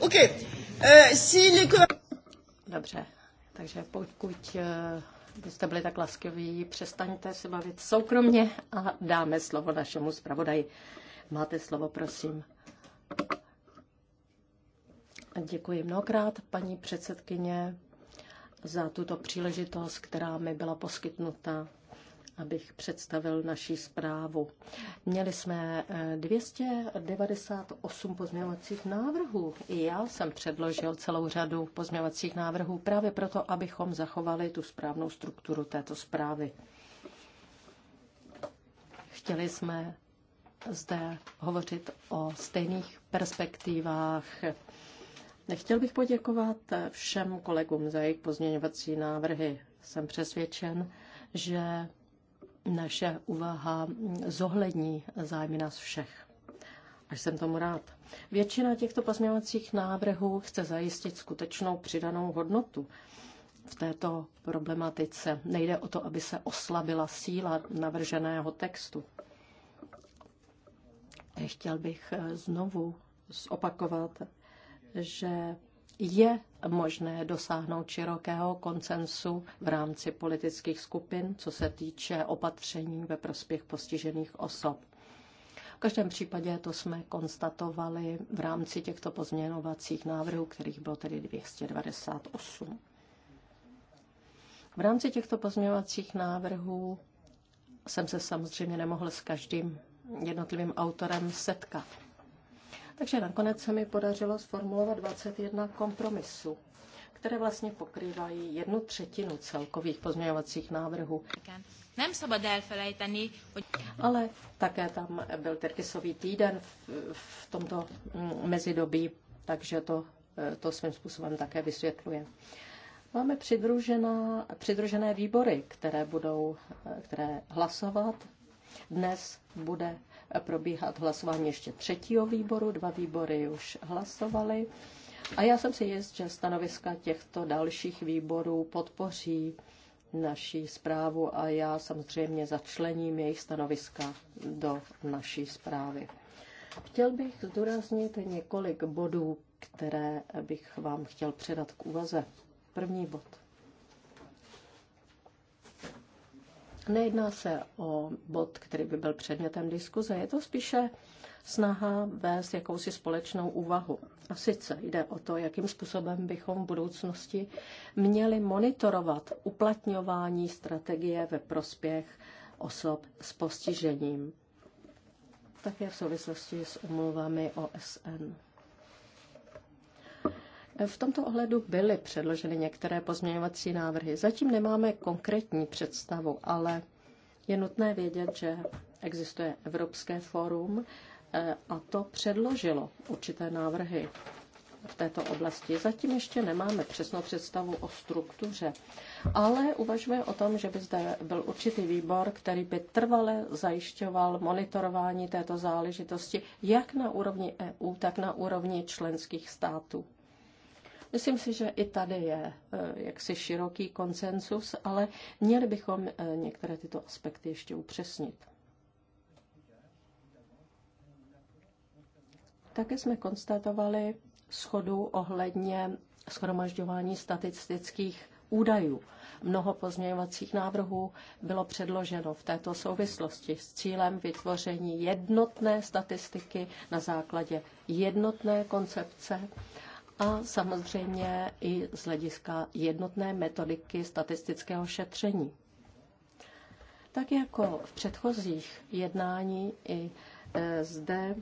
OK. Euh, Dobře, takže pokud eh, byste byli tak laskaví, přestaňte se bavit soukromně a dáme slovo našemu zpravodaji. Máte slovo, prosím. Děkuji mnohokrát, paní předsedkyně, za tuto příležitost, která mi byla poskytnuta abych představil naši zprávu. Měli jsme 298 eh, pozměňovacích návrhů. I já jsem předložil celou řadu pozměňovacích návrhů právě proto, abychom zachovali tu správnou strukturu této zprávy. Chtěli jsme zde hovořit o stejných perspektivách. Nechtěl bych poděkovat eh, všem kolegům za jejich pozměňovací návrhy. Jsem přesvědčen, že naše úvaha zohlední zájmy nás všech. Až jsem tomu rád. Většina těchto pozměňovacích návrhů chce zajistit skutečnou přidanou hodnotu v této problematice. Nejde o to, aby se oslabila síla navrženého textu. Chtěl bych znovu zopakovat, že je možné dosáhnout širokého koncensu v rámci politických skupin, co se týče opatření ve prospěch postižených osob. V každém případě to jsme konstatovali v rámci těchto pozměňovacích návrhů, kterých bylo tedy 298. V rámci těchto pozměňovacích návrhů jsem se samozřejmě nemohl s každým jednotlivým autorem setkat. Takže nakonec se mi podařilo sformulovat 21 kompromisů, které vlastně pokrývají jednu třetinu celkových pozměňovacích návrhů. Ale také tam byl Terkisový týden v, v tomto mm, mezidobí, takže to, e, to svým způsobem také vysvětluje. Máme přidružená, přidružené výbory, které budou e, které hlasovat. Dnes bude probíhat hlasování ještě třetího výboru, dva výbory už hlasovaly. A já jsem si jist, že stanoviska těchto dalších výborů podpoří naší zprávu a já samozřejmě začlením jejich stanoviska do naší zprávy. Chtěl bych zdůraznit několik bodů, které bych vám chtěl předat k úvaze. První bod. Nejedná se o bod, který by byl předmětem diskuze, je to spíše snaha vést jakousi společnou úvahu. A sice jde o to, jakým způsobem bychom v budoucnosti měli monitorovat uplatňování strategie ve prospěch osob s postižením. Také v souvislosti s umluvami OSN. V tomto ohledu byly předloženy některé pozměňovací návrhy. Zatím nemáme konkrétní představu, ale je nutné vědět, že existuje Evropské fórum eh, a to předložilo určité návrhy v této oblasti. Zatím ještě nemáme přesnou představu o struktuře, ale uvažuje o tom, že by zde byl určitý výbor, který by trvale zajišťoval monitorování této záležitosti jak na úrovni EU, tak na úrovni členských států. Myslím si, že i tady je eh, jaksi široký konsensus, ale měli bychom eh, některé tyto aspekty ještě upřesnit. Také jsme konstatovali schodu ohledně schromažďování statistických údajů. Mnoho pozměňovacích návrhů bylo předloženo v této souvislosti s cílem vytvoření jednotné statistiky na základě jednotné koncepce a samozřejmě i z hlediska jednotné metodiky statistického šetření. Tak jako v předchozích jednání i e, zde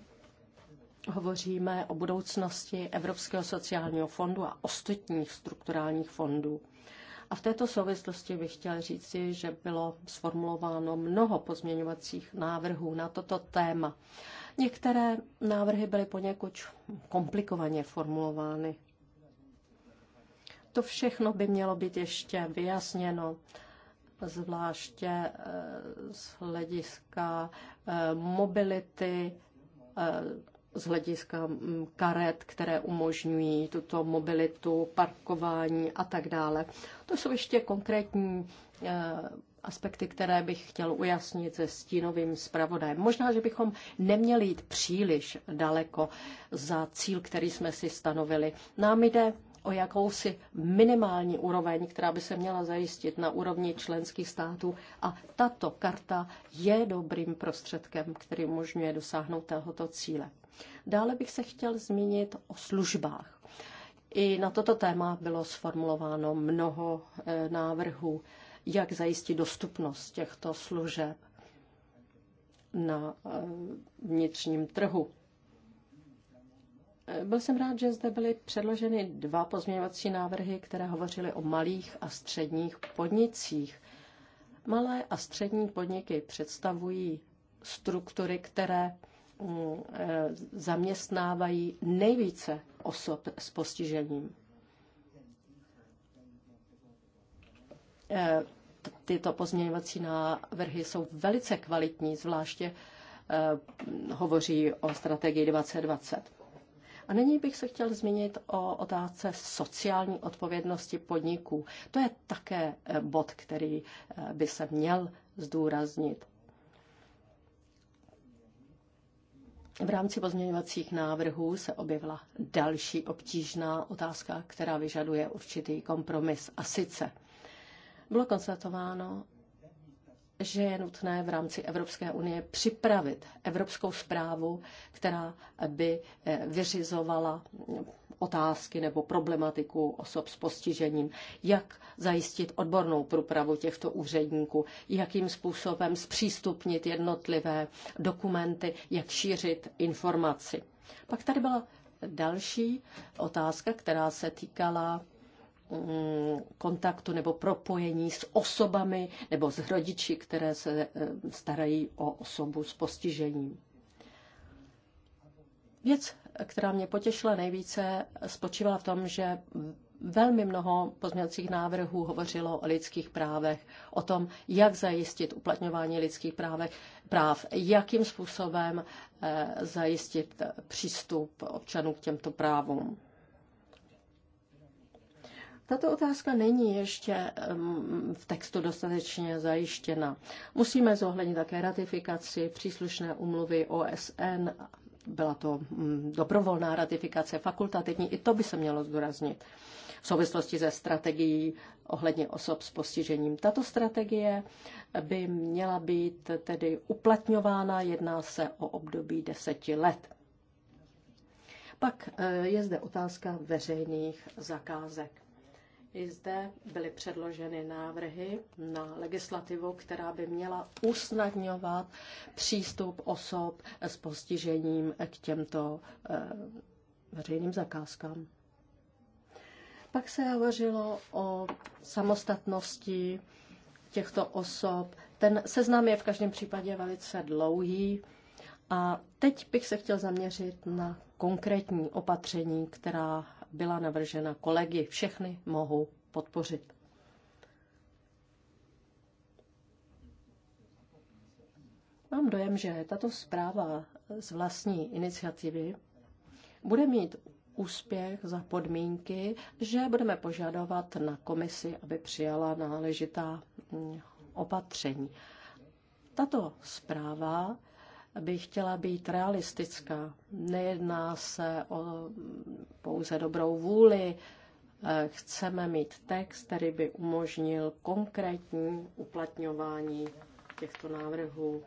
hovoříme o budoucnosti Evropského sociálního fondu a ostatních strukturálních fondů. A v této souvislosti bych chtěl říci, že bylo sformulováno mnoho pozměňovacích návrhů na toto téma. Některé návrhy byly poněkud komplikovaně formulovány. To všechno by mělo být ještě vyjasněno, zvláště eh, z hlediska eh, mobility, eh, z hlediska mm, karet, které umožňují tuto mobilitu, parkování a tak dále. To jsou ještě konkrétní aspekty, které bych chtěl ujasnit se stínovým zpravodajem. Možná, že bychom neměli jít příliš daleko za cíl, který jsme si stanovili. Nám jde o jakousi minimální úroveň, která by se měla zajistit na úrovni členských států. A tato karta je dobrým prostředkem, který umožňuje dosáhnout tohoto cíle. Dále bych se chtěl zmínit o službách. I na toto téma bylo sformulováno mnoho eh, návrhů jak zajistit dostupnost těchto služeb na eh, vnitřním trhu. Eh, byl jsem rád, že zde byly předloženy dva pozměňovací návrhy, které hovořily o malých a středních podnicích. Malé a střední podniky představují struktury, které mm, eh, zaměstnávají nejvíce osob s postižením tyto pozměňovací návrhy jsou velice kvalitní, zvláště eh, hovoří o strategii 2020. A nyní bych se chtěl zmínit o otázce sociální odpovědnosti podniků. To je také eh, bod, který eh, by se měl zdůraznit. V rámci pozměňovacích návrhů se objevila další obtížná otázka, která vyžaduje určitý kompromis. A sice bylo konstatováno, že je nutné v rámci Evropské unie připravit evropskou zprávu, která by eh, vyřizovala otázky nebo problematiku osob s postižením, jak zajistit odbornou průpravu těchto úředníků, jakým způsobem zpřístupnit jednotlivé dokumenty, jak šířit informaci. Pak tady byla další otázka, která se týkala Mm, kontaktu nebo propojení s osobami nebo s rodiči, které se eh, starají o osobu s postižením. Věc, která mě potěšila nejvíce, spočívala v tom, že velmi mnoho pozměňovacích návrhů hovořilo o lidských právech, o tom, jak zajistit uplatňování lidských právech, práv, jakým způsobem eh, zajistit přístup občanů k těmto právům. Tato otázka není ještě v textu dostatečně zajištěna. Musíme zohlednit také ratifikaci příslušné umluvy OSN. Byla to mm, dobrovolná ratifikace, fakultativní, i to by se mělo zdůraznit v souvislosti se strategií ohledně osob s postižením. Tato strategie by měla být tedy uplatňována, jedná se o období deseti let. Pak eh, je zde otázka veřejných zakázek. I zde byly předloženy návrhy na legislativu, která by měla usnadňovat přístup osob s postižením k těmto eh, veřejným zakázkám. Pak se hovořilo o samostatnosti těchto osob. Ten seznam je v každém případě velice dlouhý. A teď bych se chtěl zaměřit na konkrétní opatření, která byla navržena kolegy. Všechny mohu podpořit. Mám dojem, že tato zpráva z vlastní iniciativy bude mít úspěch za podmínky, že budeme požadovat na komisi, aby přijala náležitá opatření. Tato zpráva bych chtěla být realistická. Nejedná se o pouze dobrou vůli, eh, chceme mít text, který by umožnil konkrétní uplatňování těchto návrhů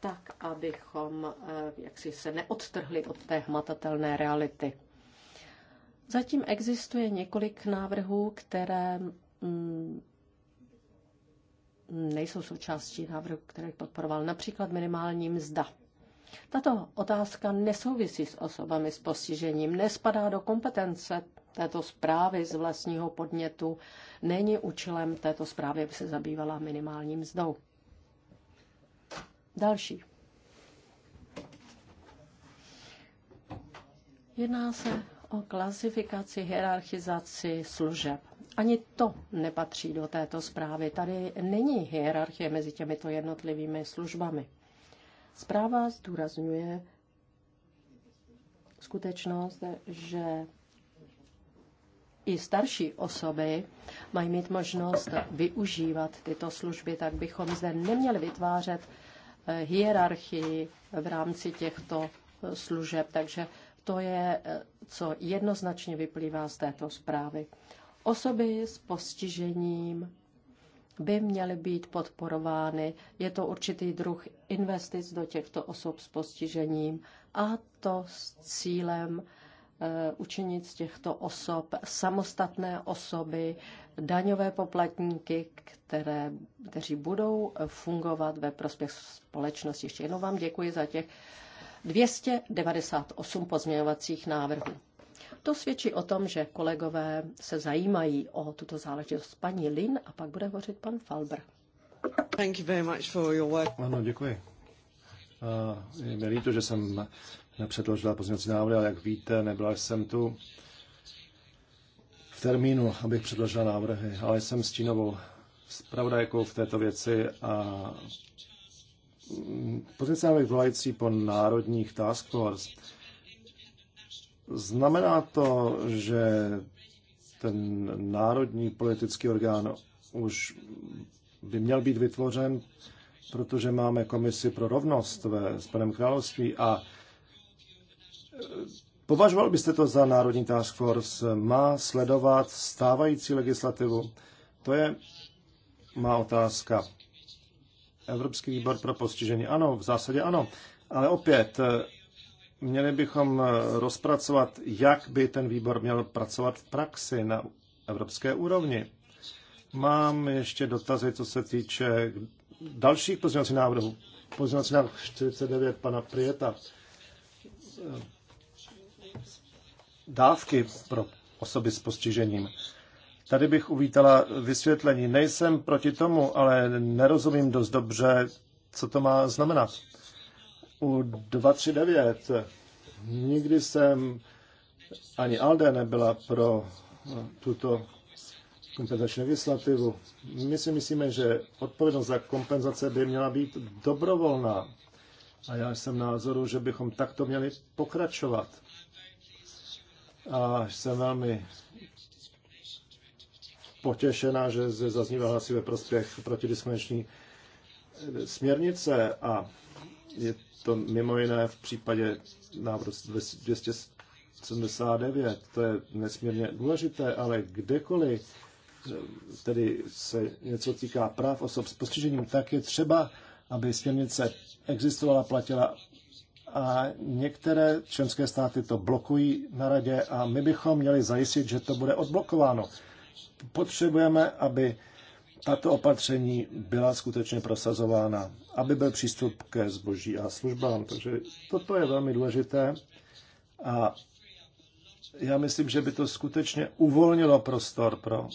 tak, abychom eh, jaksi se neodtrhli od té hmatatelné reality. Zatím existuje několik návrhů, které mm, nejsou součástí návrhu, který podporoval například minimální mzda. Tato otázka nesouvisí s osobami s postižením, nespadá do kompetence této zprávy z vlastního podnětu, není účelem této zprávy, aby se zabývala minimální mzdou. Další. Jedná se o klasifikaci, hierarchizaci služeb ani to nepatří do této zprávy. Tady není hierarchie mezi těmito jednotlivými službami. Zpráva zdůrazňuje skutečnost, že i starší osoby mají mít možnost využívat tyto služby, tak bychom zde neměli vytvářet eh, hierarchii v rámci těchto eh, služeb. Takže to je, eh, co jednoznačně vyplývá z této zprávy. Osoby s postižením by měly být podporovány. Je to určitý druh investic do těchto osob s postižením a to s cílem eh, učinit z těchto osob samostatné osoby, daňové poplatníky, které, kteří budou fungovat ve prospěch společnosti. Ještě jednou vám děkuji za těch 298 pozměňovacích návrhů. To svědčí o tom, že kolegové se zajímají o tuto záležitost. Paní Lin a pak bude hovořit pan Falber. Thank you very much for your work. Ano, děkuji. Uh, je mi líto, že jsem nepředložila pozměňovací návrhy, ale jak víte, nebyla jsem tu v termínu, abych předložila návrhy, ale jsem stínovou zpravodajkou v této věci a návrhy volající po národních task force. Znamená to, že ten národní politický orgán už by měl být vytvořen, protože máme komisi pro rovnost ve Spojeném království a e, považoval byste to za národní task force? Má sledovat stávající legislativu? To je má otázka. Evropský výbor pro postižení, ano, v zásadě ano. Ale opět, e, Měli bychom eh, rozpracovat, jak by ten výbor měl pracovat v praxi na evropské úrovni. Mám ještě dotazy, co se týče dalších pozměňovacích návrhů. Pozměňovací návrh 49 pana Prieta. Eh, dávky pro osoby s postižením. Tady bych uvítala vysvětlení. Nejsem proti tomu, ale nerozumím dost dobře, co to má znamenat u 239 nikdy jsem ani ALDE nebyla pro eh, tuto kompenzační legislativu. My si myslíme, že odpovědnost za kompenzace by měla být dobrovolná. A já jsem názoru, že bychom takto měli pokračovat. A jsem velmi potěšená, že zaznívají hlasy ve prospěch protidiskriminační eh, směrnice a je to mimo jiné v případě návrhu 279, to je nesmírně důležité, ale kdekoliv tedy se něco týká práv osob s postižením, tak je třeba, aby směrnice existovala, platila a některé členské státy to blokují na radě a my bychom měli zajistit, že to bude odblokováno. Potřebujeme, aby tato opatření byla skutečně prosazována aby byl přístup ke zboží a službám. Takže toto je velmi důležité a já myslím, že by to skutečně uvolnilo prostor pro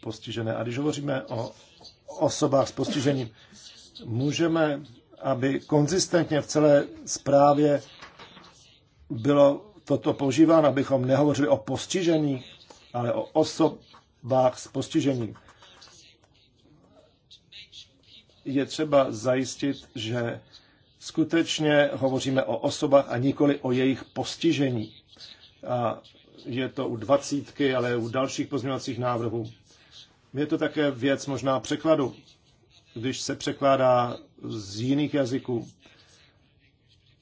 postižené. A když hovoříme o osobách s postižením, můžeme, aby konzistentně v celé zprávě bylo toto používáno, abychom nehovořili o postižení, ale o osobách s postižením je třeba zajistit, že skutečně hovoříme o osobách a nikoli o jejich postižení. A je to u dvacítky, ale u dalších pozměňovacích návrhů. Je to také věc možná překladu, když se překládá z jiných jazyků,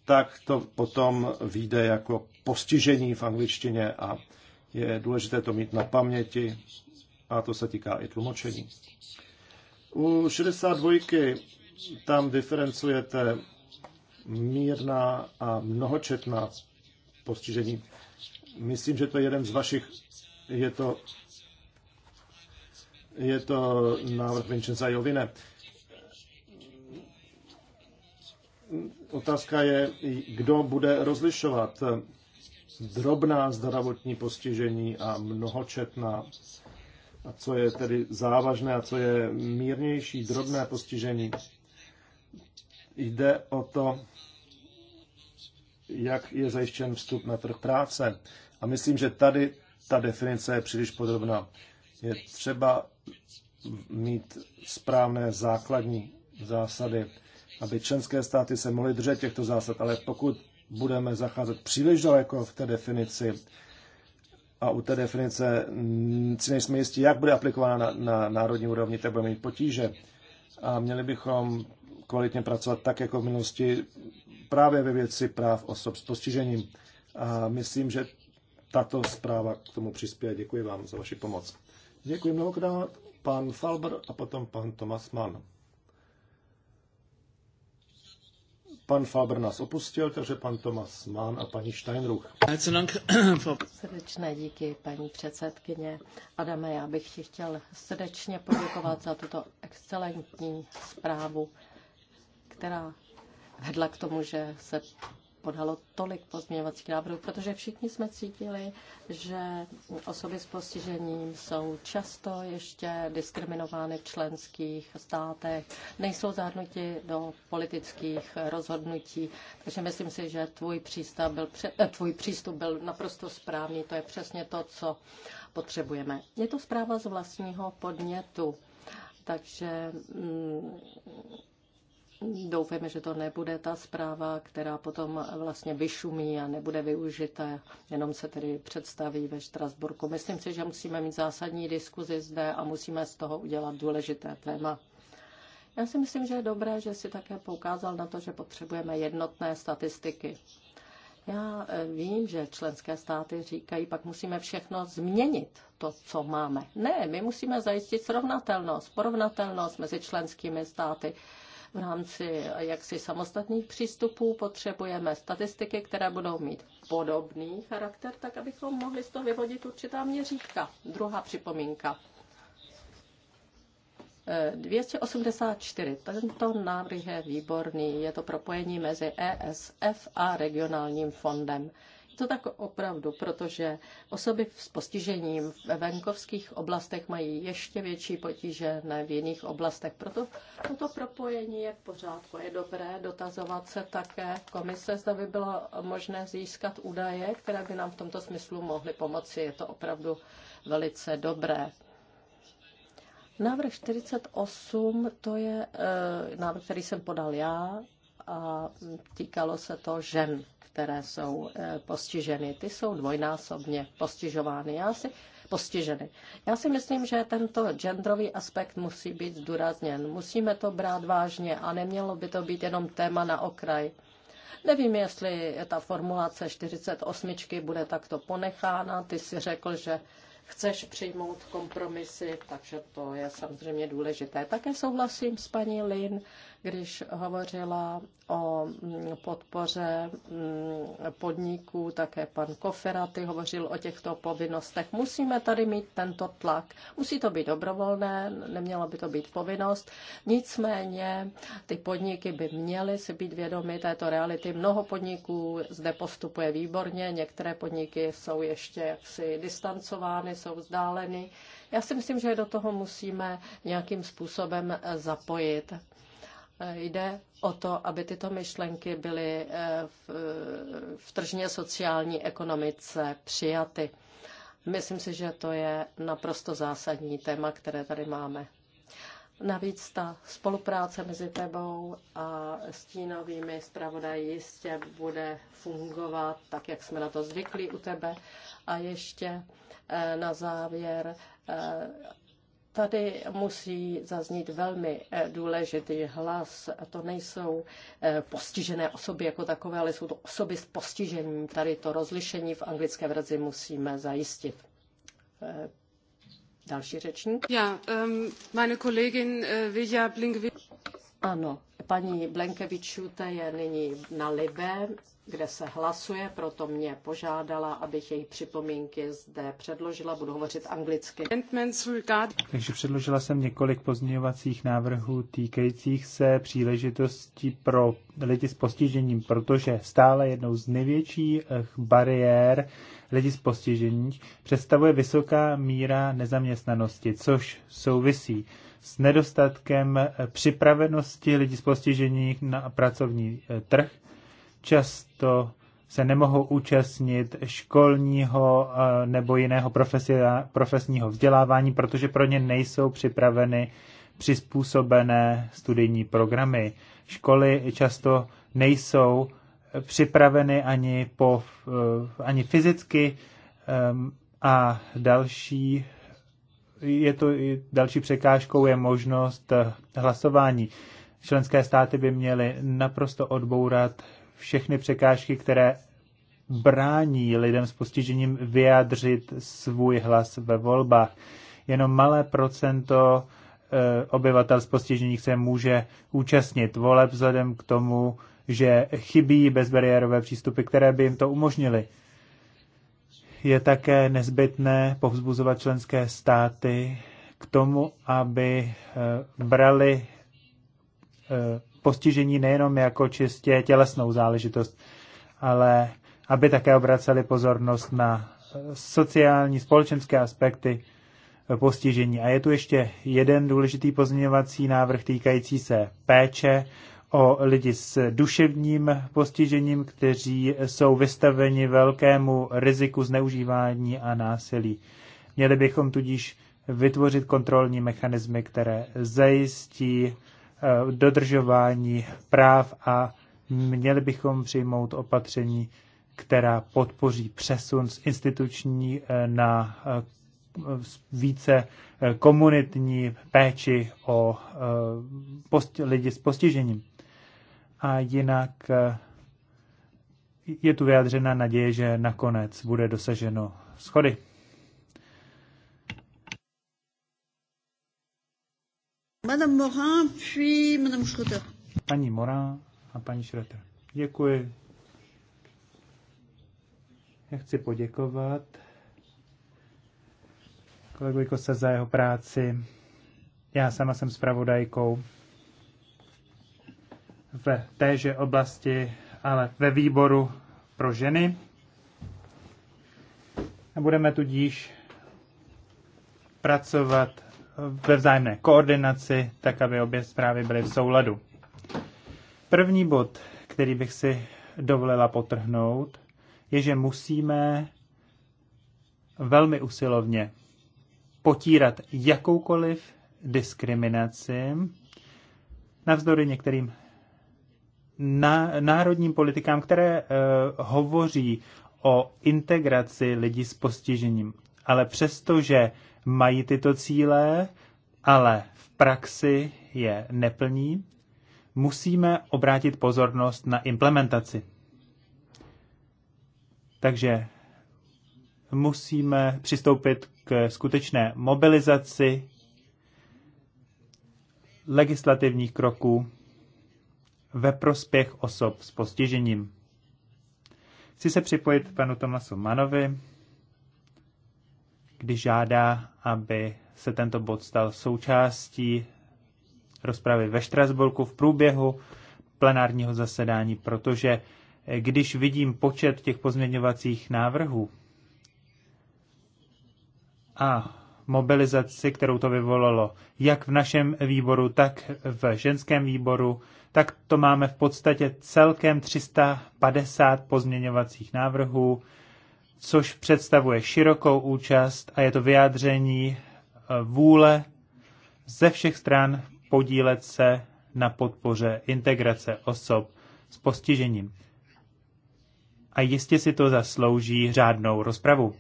tak to potom vyjde jako postižení v angličtině a je důležité to mít na paměti a to se týká i tlumočení. U 62 tam diferencujete mírná a mnohočetná postižení. Myslím, že to je jeden z vašich, je to, je to návrh Vincenza Jovine. Otázka je, kdo bude rozlišovat drobná zdravotní postižení a mnohočetná a co je tedy závažné a co je mírnější, drobné postižení. Jde o to, jak je zajištěn vstup na trh práce. A myslím, že tady ta definice je příliš podrobná. Je třeba mít správné základní zásady, aby členské státy se mohly držet těchto zásad, ale pokud budeme zacházet příliš daleko v té definici, a u té definice si nejsme jistí, jak bude aplikována na, na národní úrovni, tak budeme mít potíže. A měli bychom kvalitně pracovat tak, jako v minulosti, právě ve věci práv osob s postižením. A myslím, že tato zpráva k tomu přispěje. Děkuji vám za vaši pomoc. Děkuji mnohokrát, pan Falber a potom pan Tomas Mann. Pan Faber nás opustil, takže pan Tomas Mann a paní Steinruch. Srdečné díky, paní předsedkyně. Adame, já bych ti chtěl srdečně poděkovat za tuto excelentní zprávu, která vedla k tomu, že se podalo tolik pozměňovacích návrhů, protože všichni jsme cítili, že osoby s postižením jsou často ještě diskriminovány v členských státech, nejsou zahrnuti do politických rozhodnutí. Takže myslím si, že tvůj, přístup byl, eh, tvůj přístup byl naprosto správný. To je přesně to, co potřebujeme. Je to zpráva z vlastního podnětu. Takže mm, Doufejme, že to nebude ta zpráva, která potom vlastně vyšumí a nebude využita, jenom se tedy představí ve Štrasburku. Myslím si, že musíme mít zásadní diskuzi zde a musíme z toho udělat důležité téma. Já si myslím, že je dobré, že si také poukázal na to, že potřebujeme jednotné statistiky. Já eh, vím, že členské státy říkají, pak musíme všechno změnit, to, co máme. Ne, my musíme zajistit srovnatelnost, porovnatelnost mezi členskými státy v rámci jaksi samostatných přístupů. Potřebujeme statistiky, které budou mít podobný charakter, tak abychom mohli z toho vyvodit určitá měřítka. Druhá připomínka. 284. E, Tento návrh je výborný. Je to propojení mezi ESF a regionálním fondem to tak opravdu, protože osoby s postižením ve venkovských oblastech mají ještě větší potíže ne v jiných oblastech. Proto toto propojení je v pořádku. Je dobré dotazovat se také komise, zda by bylo možné získat údaje, které by nám v tomto smyslu mohly pomoci. Je to opravdu velice dobré. Návrh 48, to je e, návrh, který jsem podal já a týkalo se to žen, které jsou eh, postiženy. Ty jsou dvojnásobně postižovány. Já si, postiženy. Já si myslím, že tento genderový aspekt musí být zdůrazněn. Musíme to brát vážně a nemělo by to být jenom téma na okraj. Nevím, jestli ta formulace 48 bude takto ponechána. Ty si řekl, že chceš přijmout kompromisy, takže to je samozřejmě důležité. Také souhlasím s paní Lin, když hovořila o podpoře mm, podniků, také pan Koferaty hovořil o těchto povinnostech. Musíme tady mít tento tlak. Musí to být dobrovolné, nemělo by to být povinnost. Nicméně ty podniky by měly si být vědomy této reality. Mnoho podniků zde postupuje výborně, některé podniky jsou ještě jaksi distancovány, jsou vzdáleny. Já si myslím, že do toho musíme nějakým způsobem zapojit. Eh, jde o to, aby tyto myšlenky byly eh, v, eh, v tržně sociální ekonomice přijaty. Myslím si, že to je naprosto zásadní téma, které tady máme. Navíc ta spolupráce mezi tebou a stínovými zpravodaji jistě bude fungovat tak, jak jsme na to zvyklí u tebe. A ještě na závěr Tady musí zaznít velmi eh, důležitý hlas. To nejsou eh, postižené osoby jako takové, ale jsou to osoby s postižením. Tady to rozlišení v anglické verzi musíme zajistit. Eh, další řečník. Ja, um, ehm, meine Kollegin uh, Vilja Blink ano, paní Blenkevičůte je nyní na Libe, kde se hlasuje, proto mě požádala, abych její připomínky zde předložila. Budu hovořit anglicky. Takže předložila jsem několik pozměňovacích návrhů týkajících se příležitostí pro lidi s postižením, protože stále jednou z největších bariér lidí s postižením představuje vysoká míra nezaměstnanosti, což souvisí s nedostatkem eh, připravenosti lidí s postižením na pracovní eh, trh. Často se nemohou účastnit školního eh, nebo jiného profesního vzdělávání, protože pro ně nejsou připraveny přizpůsobené studijní programy. Školy často nejsou připraveny ani, po, ani fyzicky a další je to další překážkou je možnost eh, hlasování. Členské státy by měly naprosto odbourat všechny překážky, které brání lidem s postižením vyjádřit svůj hlas ve volbách. Jenom malé procento eh, obyvatel s postižením se může účastnit voleb vzhledem k tomu, že chybí bezbariérové přístupy, které by jim to umožnily je také nezbytné povzbuzovat členské státy k tomu, aby eh, brali eh, postižení nejenom jako čistě tělesnou záležitost, ale aby také obraceli pozornost na eh, sociální, společenské aspekty postižení. A je tu ještě jeden důležitý pozměňovací návrh týkající se péče o lidi s duševním postižením, kteří jsou vystaveni velkému riziku zneužívání a násilí. Měli bychom tudíž vytvořit kontrolní mechanismy, které zajistí eh, dodržování práv a měli bychom přijmout opatření, která podpoří přesun z instituční eh, na eh, více komunitní péči o lidi s postižením. A jinak e, je tu vyjádřena naděje, že nakonec bude dosaženo schody. Madame Morin, puis Madame Schröter. Paní Morin a paní Schröter. Děkuji. Já chci poděkovat kolegovi Kosa za jeho práci. Já sama jsem zpravodajkou v téže oblasti, ale ve výboru pro ženy. A budeme tudíž pracovat ve vzájemné koordinaci, tak aby obě zprávy byly v souladu. První bod, který bych si dovolila potrhnout, je, že musíme velmi usilovně potírat jakoukoliv diskriminaci navzdory některým na, národním politikám, které eh, hovoří o integraci lidí s postižením. Ale přestože mají tyto cíle, ale v praxi je neplní, musíme obrátit pozornost na implementaci. Takže musíme přistoupit k skutečné mobilizaci legislativních kroků ve prospěch osob s postižením. Chci se připojit panu Tomasu Manovi, když žádá, aby se tento bod stal součástí rozpravy ve Štrasburku v průběhu plenárního zasedání, protože když vidím počet těch pozměňovacích návrhů a mobilizaci, kterou to vyvolalo, jak v našem výboru, tak v ženském výboru, tak to máme v podstatě celkem 350 pozměňovacích návrhů, což představuje širokou účast a je to vyjádření eh, vůle ze všech stran podílet se na podpoře integrace osob s postižením. A jistě si to zaslouží řádnou rozpravu.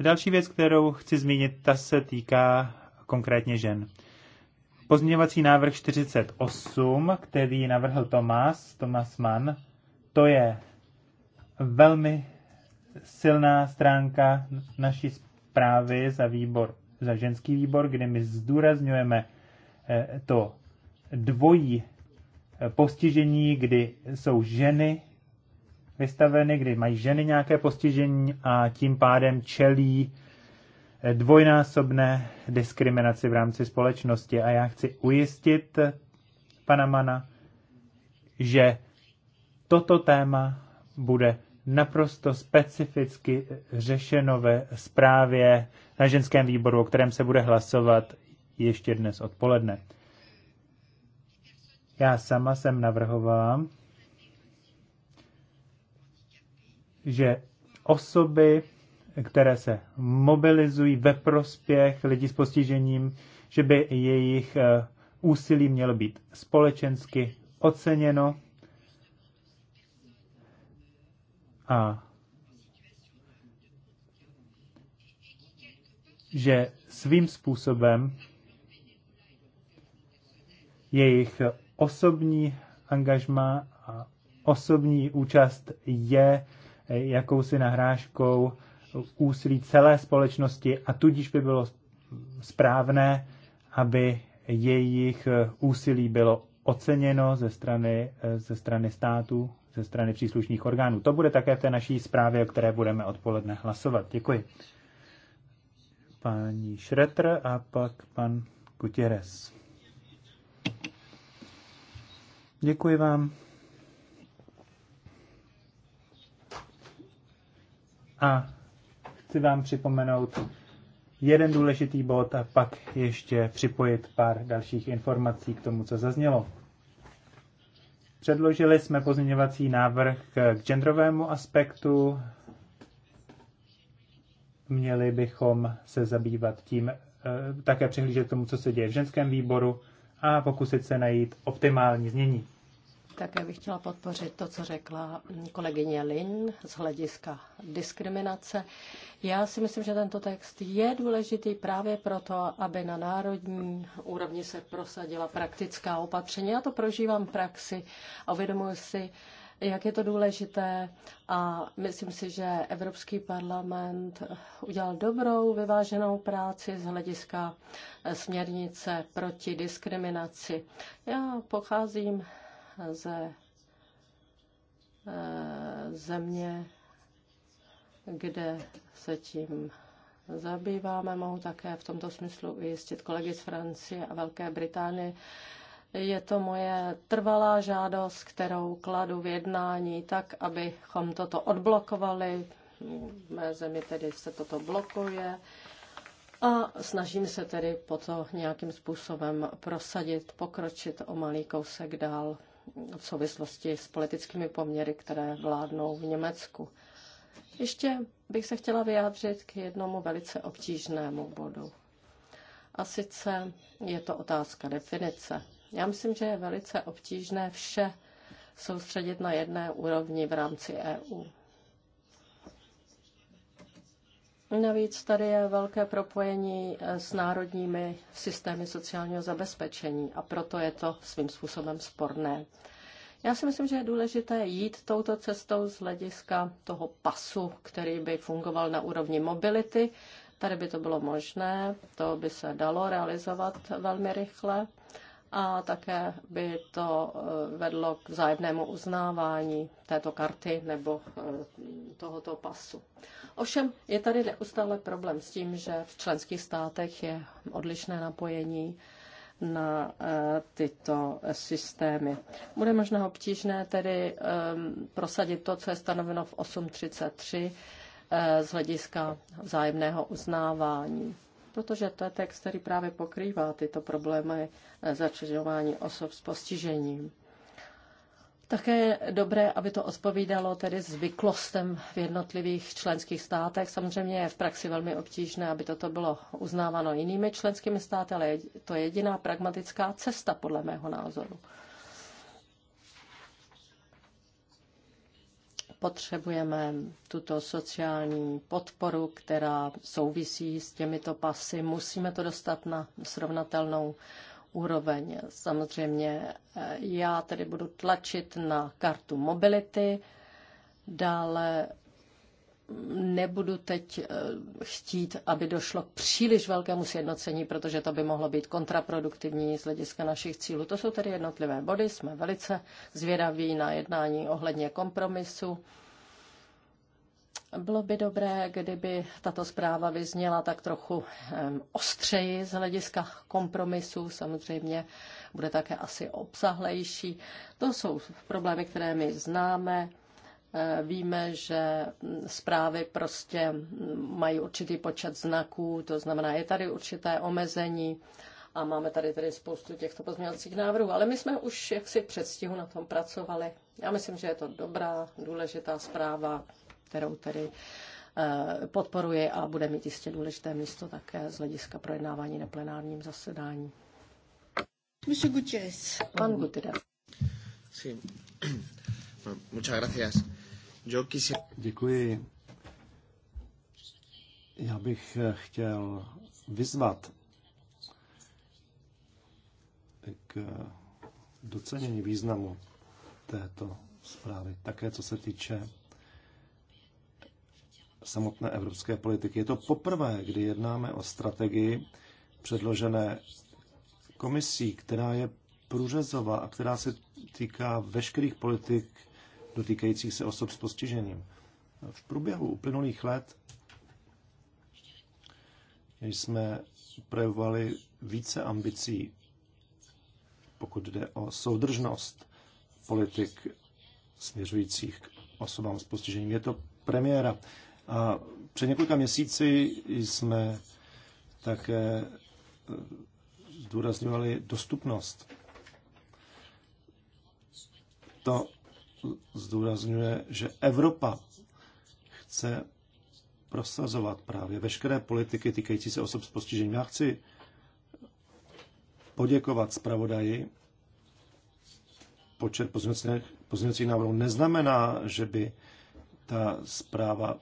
Další věc, kterou chci zmínit, ta se týká konkrétně žen. Pozměňovací návrh 48, který navrhl Tomás, Tomas Mann, to je velmi silná stránka naší zprávy za výbor, za ženský výbor, kde my zdůrazňujeme eh, to dvojí eh, postižení, kdy jsou ženy vystaveny, kdy mají ženy nějaké postižení a tím pádem čelí eh, dvojnásobné diskriminaci v rámci společnosti. A já chci ujistit pana Mana, že toto téma bude naprosto specificky řešeno ve zprávě na ženském výboru, o kterém se bude hlasovat ještě dnes odpoledne. Já sama jsem navrhovala, že osoby, které se mobilizují ve prospěch lidí s postižením, že by jejich eh, úsilí mělo být společensky oceněno a že svým způsobem jejich osobní angažma a osobní účast je jakousi nahrážkou úsilí celé společnosti a tudíž by bylo správné, aby jejich úsilí bylo oceněno ze strany, ze strany státu, ze strany příslušných orgánů. To bude také v té naší zprávě, o které budeme odpoledne hlasovat. Děkuji. Paní Šretr a pak pan Gutierrez. Děkuji vám. A chci vám připomenout jeden důležitý bod a pak ještě připojit pár dalších informací k tomu, co zaznělo. Předložili jsme pozměňovací návrh k genderovému aspektu. Měli bychom se zabývat tím, eh, také přihlížet tomu, co se děje v ženském výboru a pokusit se najít optimální znění. Také bych chtěla podpořit to, co řekla kolegyně Lin z hlediska diskriminace. Já si myslím, že tento text je důležitý právě proto, aby na národní úrovni se prosadila praktická opatření. Já to prožívám v praxi a uvědomuji si, jak je to důležité a myslím si, že Evropský parlament udělal dobrou vyváženou práci z hlediska směrnice proti diskriminaci. Já pocházím ze eh, země, kde se tím zabýváme. Mohu také v tomto smyslu ujistit kolegy z Francie a Velké Británie. Je to moje trvalá žádost, kterou kladu v jednání, tak abychom toto odblokovali. V mé zemi tedy se toto blokuje. A snažím se tedy po to nějakým způsobem prosadit, pokročit o malý kousek dál v souvislosti s politickými poměry, které vládnou v Německu. Ještě bych se chtěla vyjádřit k jednomu velice obtížnému bodu. A sice je to otázka definice. Já myslím, že je velice obtížné vše soustředit na jedné úrovni v rámci EU. Navíc tady je velké propojení eh, s národními systémy sociálního zabezpečení a proto je to svým způsobem sporné. Já si myslím, že je důležité jít touto cestou z hlediska toho pasu, který by fungoval na úrovni mobility. Tady by to bylo možné, to by se dalo realizovat velmi rychle a také by to eh, vedlo k vzájemnému uznávání této karty nebo eh, tohoto pasu. Ovšem je tady neustále problém s tím, že v členských státech je odlišné napojení na eh, tyto systémy. Bude možná obtížné tedy ehm, prosadit to, co je stanoveno v 833 z hlediska vzájemného uznávání protože to je text, který právě pokrývá tyto problémy eh, začleňování osob s postižením. Také je dobré, aby to odpovídalo tedy zvyklostem v jednotlivých členských státech. Samozřejmě je v praxi velmi obtížné, aby toto bylo uznáváno jinými členskými státy, ale je to jediná pragmatická cesta podle mého názoru. Potřebujeme tuto sociální podporu, která souvisí s těmito pasy. Musíme to dostat na srovnatelnou úroveň. Samozřejmě eh, já tedy budu tlačit na kartu mobility, dále nebudu teď eh, chtít, aby došlo k příliš velkému sjednocení, protože to by mohlo být kontraproduktivní z hlediska našich cílů. To jsou tedy jednotlivé body, jsme velice zvědaví na jednání ohledně kompromisu. Bylo by dobré, kdyby tato zpráva vyzněla tak trochu ostřeji z hlediska kompromisu. Samozřejmě bude také asi obsahlejší. To jsou problémy, které my známe Eh, víme, že mm, zprávy prostě mm, mají určitý počet znaků, to znamená, je tady určité omezení a máme tady tedy spoustu těchto pozměňovacích návrhů, ale my jsme už jaksi v předstihu na tom pracovali. Já myslím, že je to dobrá, důležitá zpráva, kterou tedy eh, podporuji a bude mít jistě důležité místo také z hlediska projednávání na plenárním zasedání. Monsieur Gutiérrez. Pan Gutierrez. Sí. *clears throat* Muchas gracias. Děkuji. Já bych chtěl vyzvat k docenění významu této zprávy, také co se týče samotné evropské politiky. Je to poprvé, kdy jednáme o strategii předložené komisí, která je průřezová a která se týká veškerých politik dotýkajících se osob s postižením. V průběhu uplynulých let jsme projevovali více ambicí, pokud jde o soudržnost politik směřujících k osobám s postižením. Je to premiéra. A před několika měsíci jsme také eh, zdůrazňovali dostupnost. To zdůrazňuje, že Evropa chce prosazovat právě veškeré politiky týkající se osob s postižením. Já chci poděkovat zpravodaji. Počet pozměňovacích návrhů neznamená, že by ta zpráva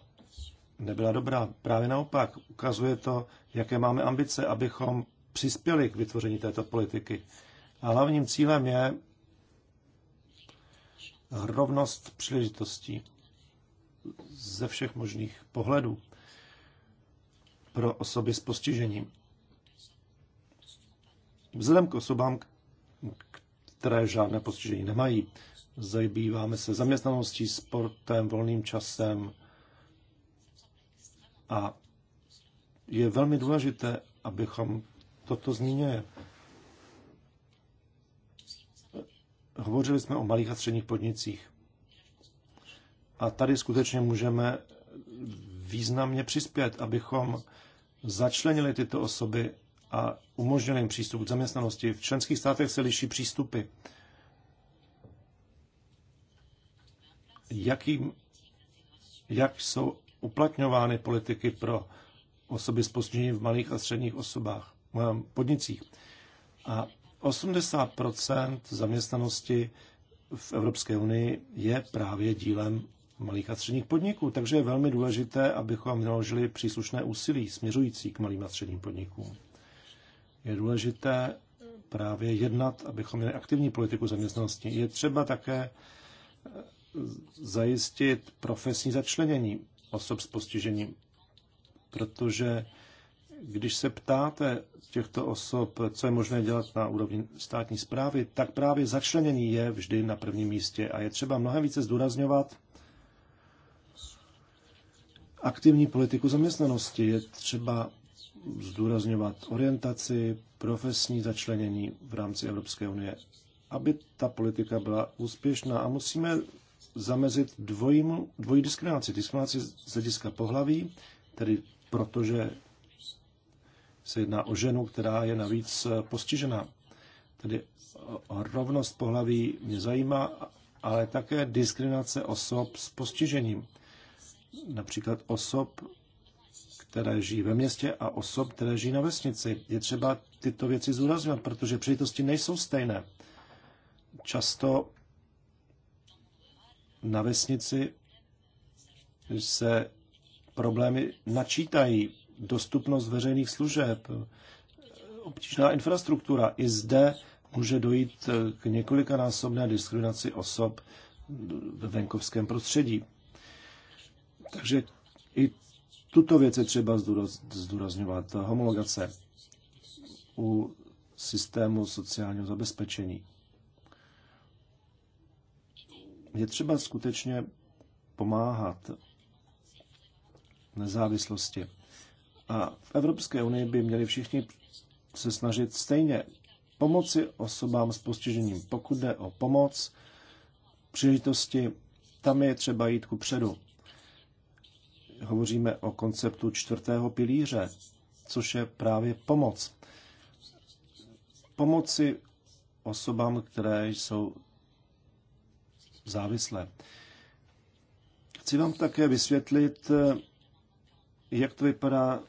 nebyla dobrá. Právě naopak, ukazuje to, jaké máme ambice, abychom přispěli k vytvoření této politiky. A hlavním cílem je rovnost příležitostí ze všech možných pohledů pro osoby s postižením. Vzhledem k osobám, které žádné postižení nemají, zabýváme se zaměstnaností, sportem, volným časem a je velmi důležité, abychom toto zmínili Hovořili jsme o malých a středních podnicích. A tady skutečně můžeme významně přispět, abychom začlenili tyto osoby a umožnili jim přístup k zaměstnanosti. V členských státech se liší přístupy. Jakým, jak jsou uplatňovány politiky pro osoby s postižením v malých a středních osobách, podnicích. A 80 zaměstnanosti v Evropské unii je právě dílem malých a středních podniků, takže je velmi důležité, abychom vynaložili příslušné úsilí směřující k malým a středním podnikům. Je důležité právě jednat, abychom měli aktivní politiku zaměstnanosti. Je třeba také eh, zajistit profesní začlenění osob s postižením, protože když se ptáte těchto osob, co je možné dělat na úrovni státní zprávy, tak právě začlenění je vždy na prvním místě a je třeba mnohem více zdůrazňovat aktivní politiku zaměstnanosti. Je třeba zdůrazňovat orientaci, profesní začlenění v rámci Evropské unie, aby ta politika byla úspěšná a musíme zamezit dvojímu, dvojí diskriminaci. Diskriminaci z hlediska pohlaví, tedy protože se jedná o ženu, která je navíc eh, postižená. Tedy eh, rovnost pohlaví mě zajímá, ale také diskriminace osob s postižením. Například osob, které žijí ve městě a osob, které žijí na vesnici. Je třeba tyto věci zúraznit, protože příležitosti nejsou stejné. Často na vesnici se problémy načítají dostupnost veřejných služeb, obtížná infrastruktura. I zde může dojít eh, k několikanásobné diskriminaci osob ve venkovském prostředí. Takže i tuto věc je třeba zdůrazňovat. Homologace u systému sociálního zabezpečení. Je třeba skutečně pomáhat nezávislosti. A v Evropské unii by měli všichni se snažit stejně pomoci osobám s postižením. Pokud jde o pomoc, příležitosti, tam je třeba jít ku předu. Hovoříme o konceptu čtvrtého pilíře, což je právě pomoc. Pomoci osobám, které jsou závislé. Chci vám také vysvětlit, jak to vypadá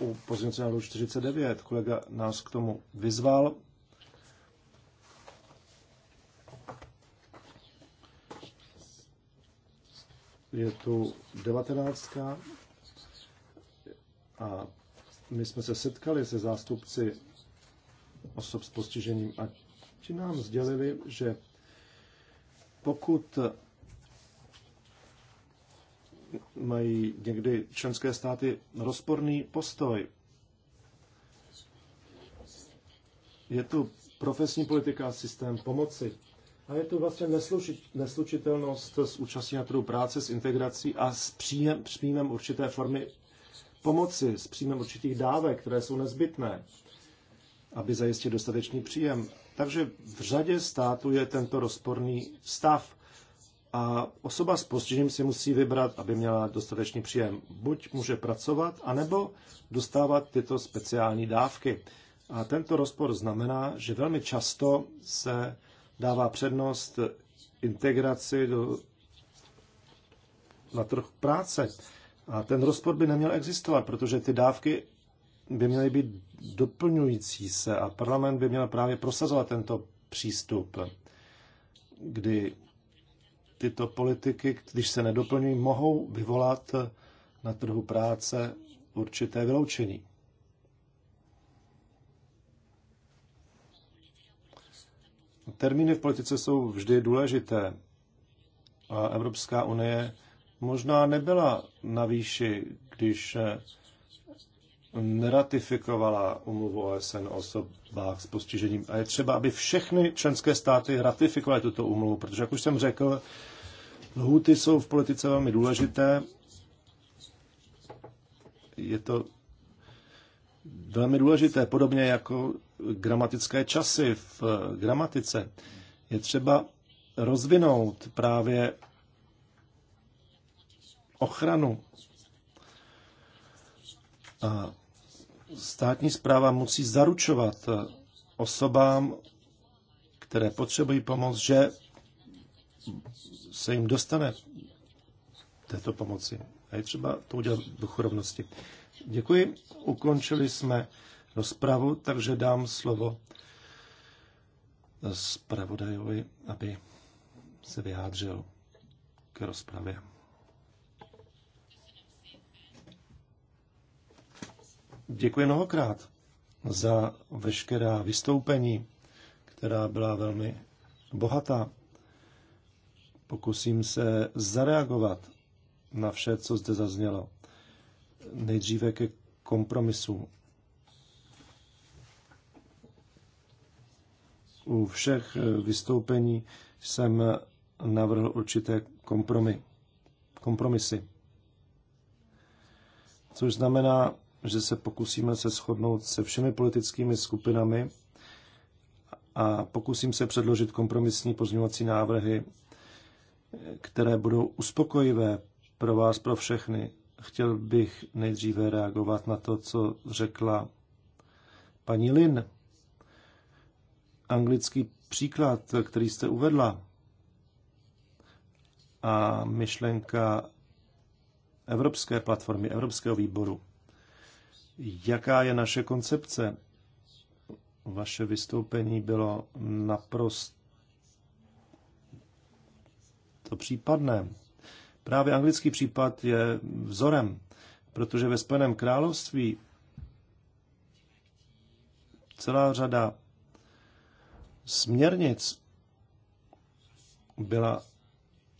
u pozice 49. Kolega nás k tomu vyzval. Je tu devatenáctka a my jsme se setkali se zástupci osob s postižením a ti nám sdělili, že pokud mají někdy členské státy rozporný postoj. Je tu profesní politika, systém pomoci. A je tu vlastně neslučitelnost s účastí na trhu práce, s integrací a s příjem, příjmem určité formy pomoci, s příjmem určitých dávek, které jsou nezbytné, aby zajistil dostatečný příjem. Takže v řadě států je tento rozporný stav a osoba s postižením si musí vybrat, aby měla dostatečný příjem. Buď může pracovat, anebo dostávat tyto speciální dávky. A tento rozpor znamená, že velmi často se dává přednost integraci do, na trh práce. A ten rozpor by neměl existovat, protože ty dávky by měly být doplňující se a parlament by měl právě prosazovat tento přístup, kdy tyto politiky, když se nedoplňují, mohou vyvolat na trhu práce určité vyloučení. Termíny v politice jsou vždy důležité a Evropská unie možná nebyla na výši, když neratifikovala umluvu OSN o osobách s postižením. A je třeba, aby všechny členské státy ratifikovaly tuto umluvu, protože, jak už jsem řekl, lhuty jsou v politice velmi důležité. Je to velmi důležité, podobně jako gramatické časy v gramatice. Je třeba rozvinout právě ochranu a státní zpráva musí zaručovat osobám, které potřebují pomoc, že se jim dostane této pomoci. A je třeba to udělat v duchu rovnosti. Děkuji. Ukončili jsme rozpravu, takže dám slovo zpravodajovi, aby se vyjádřil k rozpravě. Děkuji mnohokrát za veškerá vystoupení, která byla velmi bohatá. Pokusím se zareagovat na vše, co zde zaznělo. Nejdříve ke kompromisu. U všech vystoupení jsem navrhl určité kompromisy. Což znamená, že se pokusíme se shodnout se všemi politickými skupinami a pokusím se předložit kompromisní pozměňovací návrhy, které budou uspokojivé pro vás, pro všechny. Chtěl bych nejdříve reagovat na to, co řekla paní Lin. Anglický příklad, který jste uvedla, a myšlenka evropské platformy, evropského výboru. Jaká je naše koncepce? Vaše vystoupení bylo naprosto případné. Právě anglický případ je vzorem, protože ve Spojeném království celá řada směrnic byla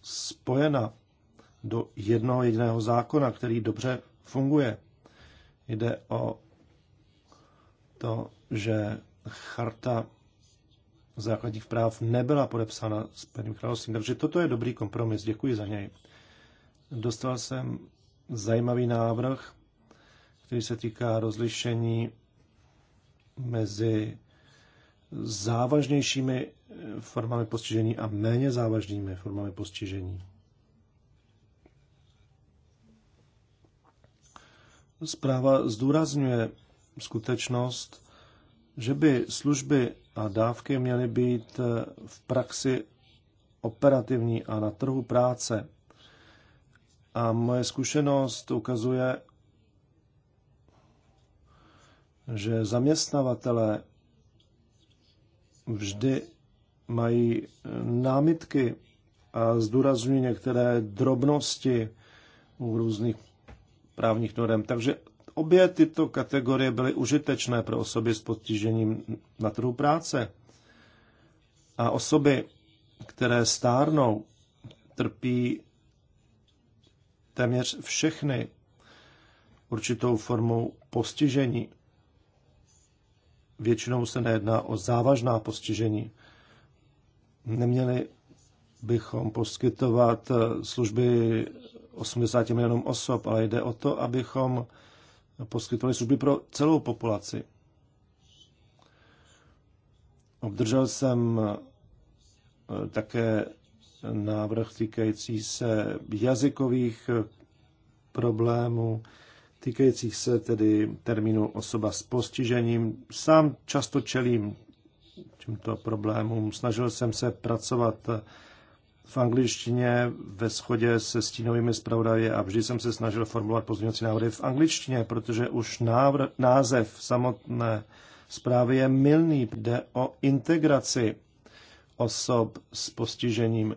spojena do jednoho jediného zákona, který dobře funguje. Jde o to, že charta základních práv nebyla podepsána s Spojeným královstvím. Takže toto je dobrý kompromis, děkuji za něj. Dostal jsem zajímavý návrh, který se týká rozlišení mezi závažnějšími formami postižení a méně závažnými formami postižení. Zpráva zdůrazňuje skutečnost, že by služby a dávky měly být eh, v praxi operativní a na trhu práce. A moje zkušenost ukazuje, že zaměstnavatele vždy mají eh, námitky a zdůrazňují některé drobnosti u různých právních norm. Takže obě tyto kategorie byly užitečné pro osoby s postižením na trhu práce. A osoby, které stárnou, trpí téměř všechny určitou formou postižení. Většinou se nejedná o závažná postižení. Neměli bychom poskytovat služby 80 milionům osob, ale jde o to, abychom poskytovali služby pro celou populaci. Obdržel jsem eh, také návrh týkající se jazykových eh, problémů, týkajících se tedy termínu osoba s postižením. Sám často čelím těmto problémům. Snažil jsem se pracovat eh, v angličtině ve shodě se stínovými zpravodaji a vždy jsem se snažil formulovat pozměňovací návrhy v angličtině, protože už návr, název samotné zprávy je milný. Jde o integraci osob s postižením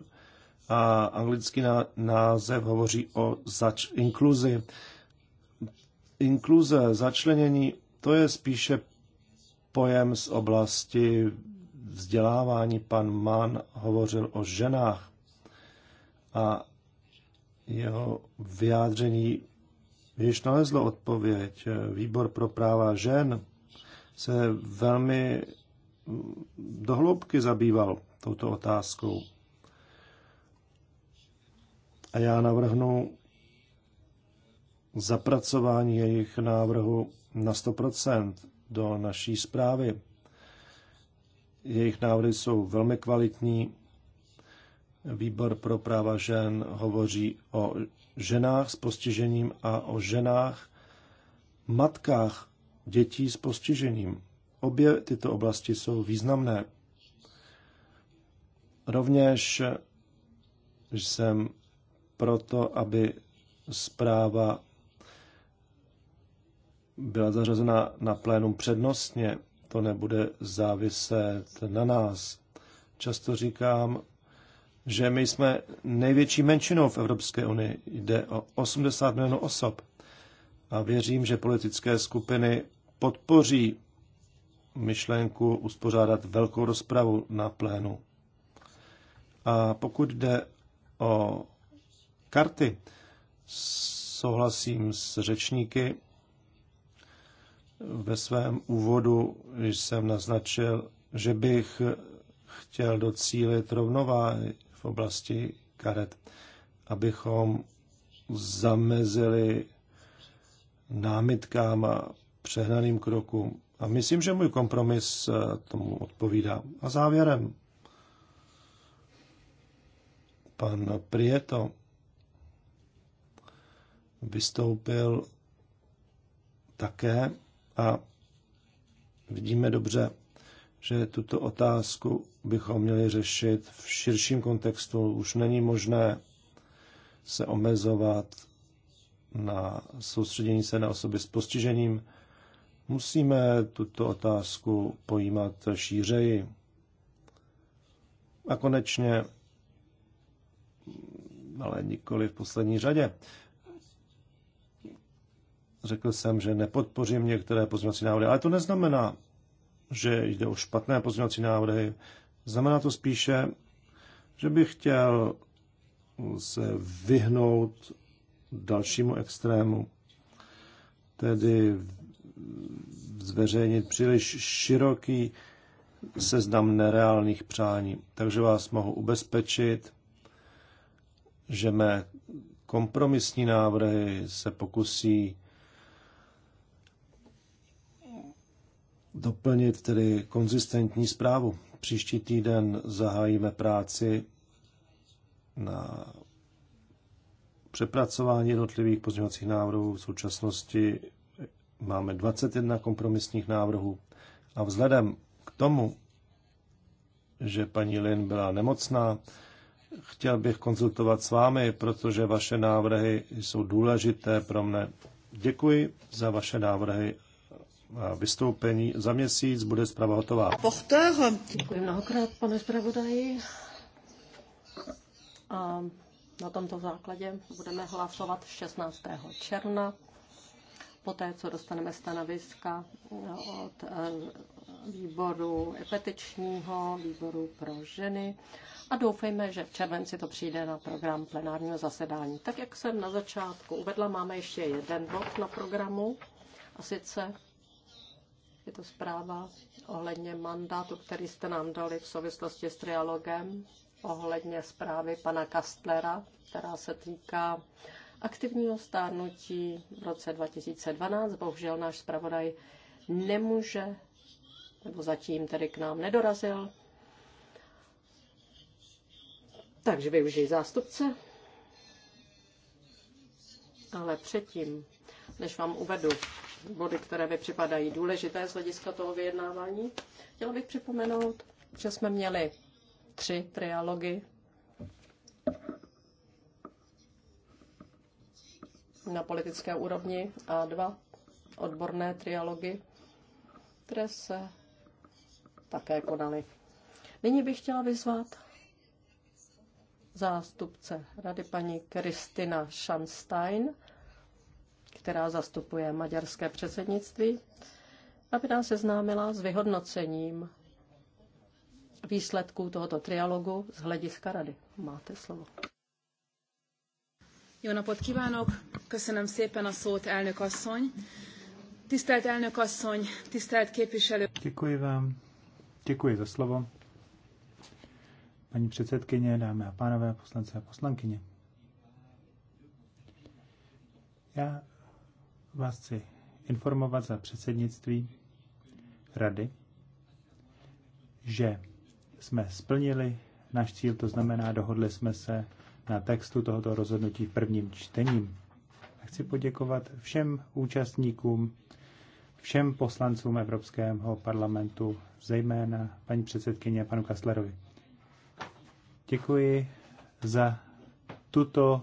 a anglický název hovoří o zač- inkluzi. Inkluze, začlenění, to je spíše pojem z oblasti vzdělávání. Pan Mann hovořil o ženách a jeho vyjádření již nalezlo odpověď. Eh, výbor pro práva žen se velmi mm, dohloubky zabýval touto otázkou. A já navrhnu zapracování jejich návrhu na 100% do naší zprávy. Jejich návrhy jsou velmi kvalitní Výbor pro práva žen hovoří o ženách s postižením a o ženách, matkách dětí s postižením. Obě tyto oblasti jsou významné. Rovněž jsem proto, aby zpráva byla zařazena na plénum přednostně. To nebude záviset na nás. Často říkám, že my jsme největší menšinou v Evropské unii. Jde o 80 milionů osob. A věřím, že politické skupiny podpoří myšlenku uspořádat velkou rozpravu na plénu. A pokud jde o karty, souhlasím s řečníky. Ve svém úvodu jsem naznačil, že bych chtěl docílit rovnováhy v oblasti karet, abychom zamezili námitkám a přehnaným krokům. A myslím, že můj kompromis eh, tomu odpovídá. A závěrem, pan Prieto vystoupil také a vidíme dobře, že tuto otázku bychom měli řešit v širším kontextu. Už není možné se omezovat na soustředění se na osoby s postižením. Musíme tuto otázku pojímat šířeji. A konečně, ale nikoli v poslední řadě, řekl jsem, že nepodpořím některé pozměňovací návody, ale to neznamená, že jde o špatné pozměňovací návrhy. Znamená to spíše, že bych chtěl se vyhnout dalšímu extrému, tedy zveřejnit příliš široký seznam nereálných přání. Takže vás mohu ubezpečit, že mé kompromisní návrhy se pokusí doplnit tedy konzistentní zprávu. Příští týden zahájíme práci na přepracování jednotlivých pozměňovacích návrhů. V současnosti máme 21 kompromisních návrhů a vzhledem k tomu, že paní Lin byla nemocná, chtěl bych konzultovat s vámi, protože vaše návrhy jsou důležité pro mne. Děkuji za vaše návrhy vystoupení za měsíc. Bude zpráva hotová. Děkuji mnohokrát, pane zpravodaji. A na tomto základě budeme hlasovat 16. června, poté co dostaneme stanoviska od eh, výboru petičního, výboru pro ženy a doufejme, že v červenci to přijde na program plenárního zasedání. Tak jak jsem na začátku uvedla, máme ještě jeden bod na programu a sice je to zpráva ohledně mandátu, který jste nám dali v souvislosti s trialogem, ohledně zprávy pana Kastlera, která se týká aktivního stárnutí v roce 2012. Bohužel náš zpravodaj nemůže, nebo zatím tedy k nám nedorazil. Takže využij zástupce. Ale předtím, než vám uvedu body, které mi připadají důležité z hlediska toho vyjednávání. Chtěla bych připomenout, že jsme měli tři trialogy na politické úrovni a dva odborné trialogy, které se také konaly. Nyní bych chtěla vyzvat zástupce rady paní Kristina Schanstein, která zastupuje maďarské předsednictví, aby nás seznámila s vyhodnocením výsledků tohoto trialogu z hlediska rady. Máte slovo. Jó napot kívánok! Köszönöm szépen a szót, elnök asszony. Tisztelt elnök asszony, tisztelt képviselő. Děkuji vám. Děkuji za slovo. Paní předsedkyně, dámy a pánové, poslance a poslankyně. Já vás chci informovat za předsednictví rady, že jsme splnili náš cíl, to znamená, dohodli jsme se na textu tohoto rozhodnutí prvním čtením. A chci poděkovat všem účastníkům, všem poslancům Evropského parlamentu, zejména paní předsedkyně a panu Kastlerovi. Děkuji za tuto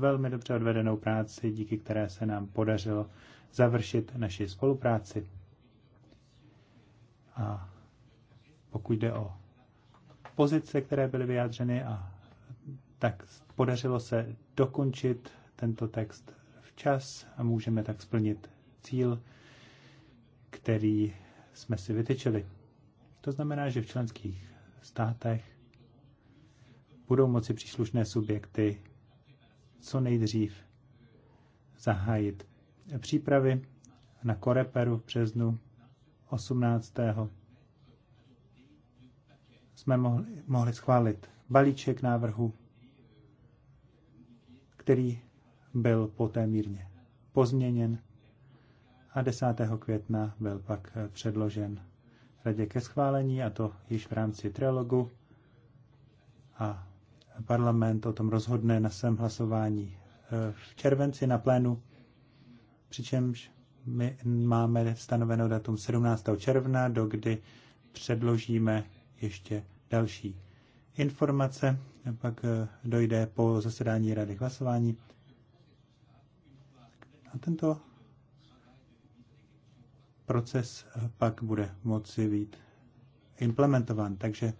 velmi dobře odvedenou práci, díky které se nám podařilo završit naši spolupráci. A pokud jde o pozice, které byly vyjádřeny, a tak podařilo se dokončit tento text včas a můžeme tak splnit cíl, který jsme si vytyčili. To znamená, že v členských státech budou moci příslušné subjekty co nejdřív zahájit přípravy na Koreperu v březnu 18. jsme mohli, mohli schválit balíček návrhu, který byl poté mírně pozměněn a 10. května byl pak předložen radě ke schválení, a to již v rámci trilogu a parlament o tom rozhodne na svém hlasování eh, v červenci na plénu, přičemž my máme stanoveno datum 17. června, do kdy předložíme ještě další informace. Pak eh, dojde po zasedání rady hlasování. A tento proces eh, pak bude moci být implementován. Takže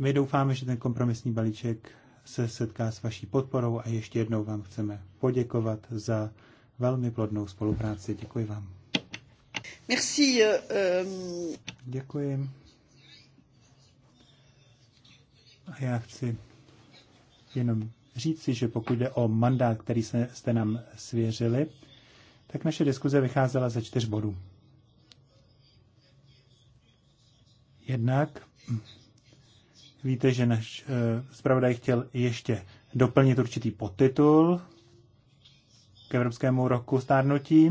my doufáme, že ten kompromisní balíček se setká s vaší podporou a ještě jednou vám chceme poděkovat za velmi plodnou spolupráci. Děkuji vám. Merci. Um... Děkuji. A já chci jenom říci, že pokud jde o mandát, který se, jste nám svěřili, tak naše diskuze vycházela ze čtyř bodů. Jednak Víte, že náš eh, zpravodaj chtěl ještě doplnit určitý podtitul k Evropskému roku stárnutí.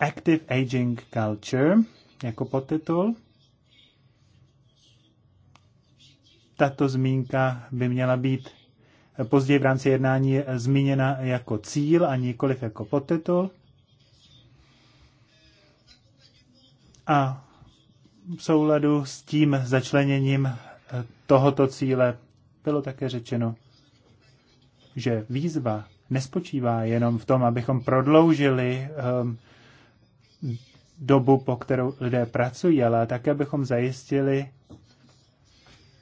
Active Aging Culture jako podtitul. Tato zmínka by měla být později v rámci jednání zmíněna jako cíl a nikoliv jako podtitul. A v souladu s tím začleněním eh, tohoto cíle bylo také řečeno, že výzva nespočívá jenom v tom, abychom prodloužili ehm, dobu, po kterou lidé pracují, ale také abychom zajistili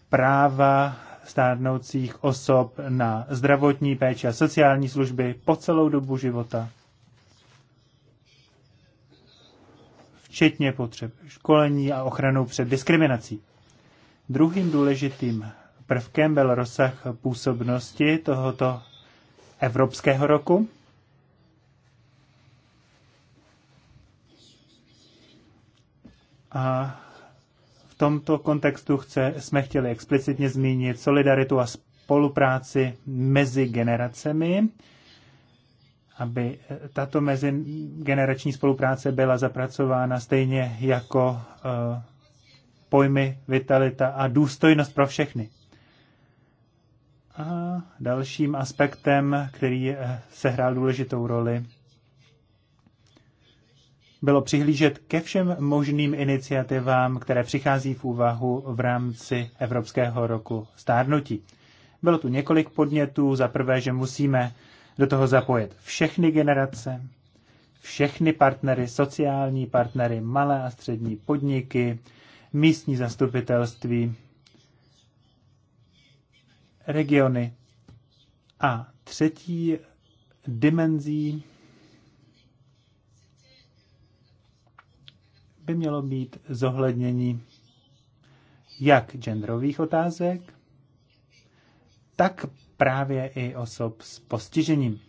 práva stárnoucích osob na zdravotní péči a sociální služby po celou dobu života. včetně potřeb školení a ochranu před diskriminací. Druhým důležitým prvkem byl rozsah působnosti tohoto Evropského roku. A v tomto kontextu chce, jsme chtěli explicitně zmínit solidaritu a spolupráci mezi generacemi, aby tato mezigenerační spolupráce byla zapracována stejně jako e, pojmy vitalita a důstojnost pro všechny. A dalším aspektem, který e, sehrál důležitou roli, bylo přihlížet ke všem možným iniciativám, které přichází v úvahu v rámci Evropského roku stárnutí. Bylo tu několik podnětů. Za prvé, že musíme do toho zapojit všechny generace, všechny partnery, sociální partnery, malé a střední podniky, místní zastupitelství, regiony. A třetí dimenzí by mělo být zohlednění jak genderových otázek, tak právě i osob s postižením.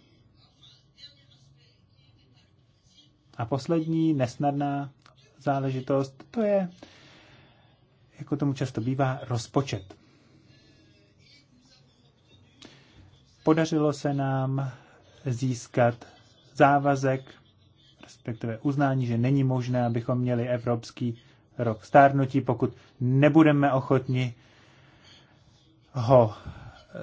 A poslední nesnadná záležitost, to je, jako tomu často bývá, rozpočet. Podařilo se nám získat závazek, respektive uznání, že není možné, abychom měli evropský rok stárnutí, pokud nebudeme ochotni ho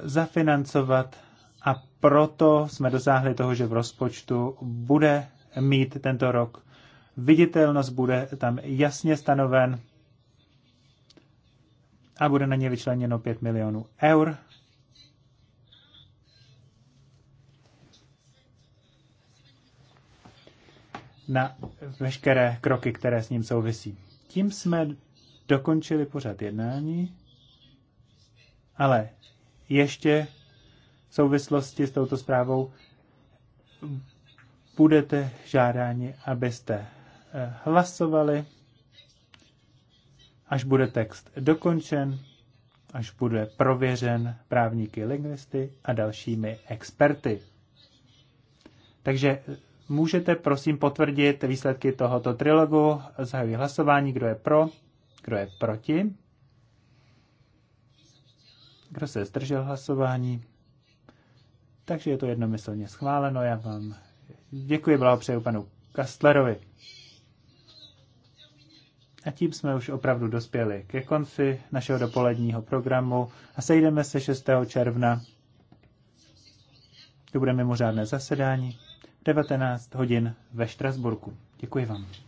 zafinancovat a proto jsme dosáhli toho, že v rozpočtu bude mít tento rok viditelnost, bude tam jasně stanoven a bude na ně vyčleněno 5 milionů eur. na veškeré kroky, které s ním souvisí. Tím jsme dokončili pořad jednání, ale ještě v souvislosti s touto zprávou budete žádáni, abyste eh, hlasovali, až bude text dokončen, až bude prověřen právníky, lingvisty a dalšími experty. Takže eh, můžete prosím potvrdit výsledky tohoto trilogu. zahajují hlasování, kdo je pro, kdo je proti. Kdo se zdržel hlasování? Takže je to jednomyslně schváleno. Já vám děkuji, blahopřeju panu Kastlerovi. A tím jsme už opravdu dospěli ke konci našeho dopoledního programu a sejdeme se 6. června. To bude mimořádné zasedání v 19 hodin ve Štrasburku. Děkuji vám.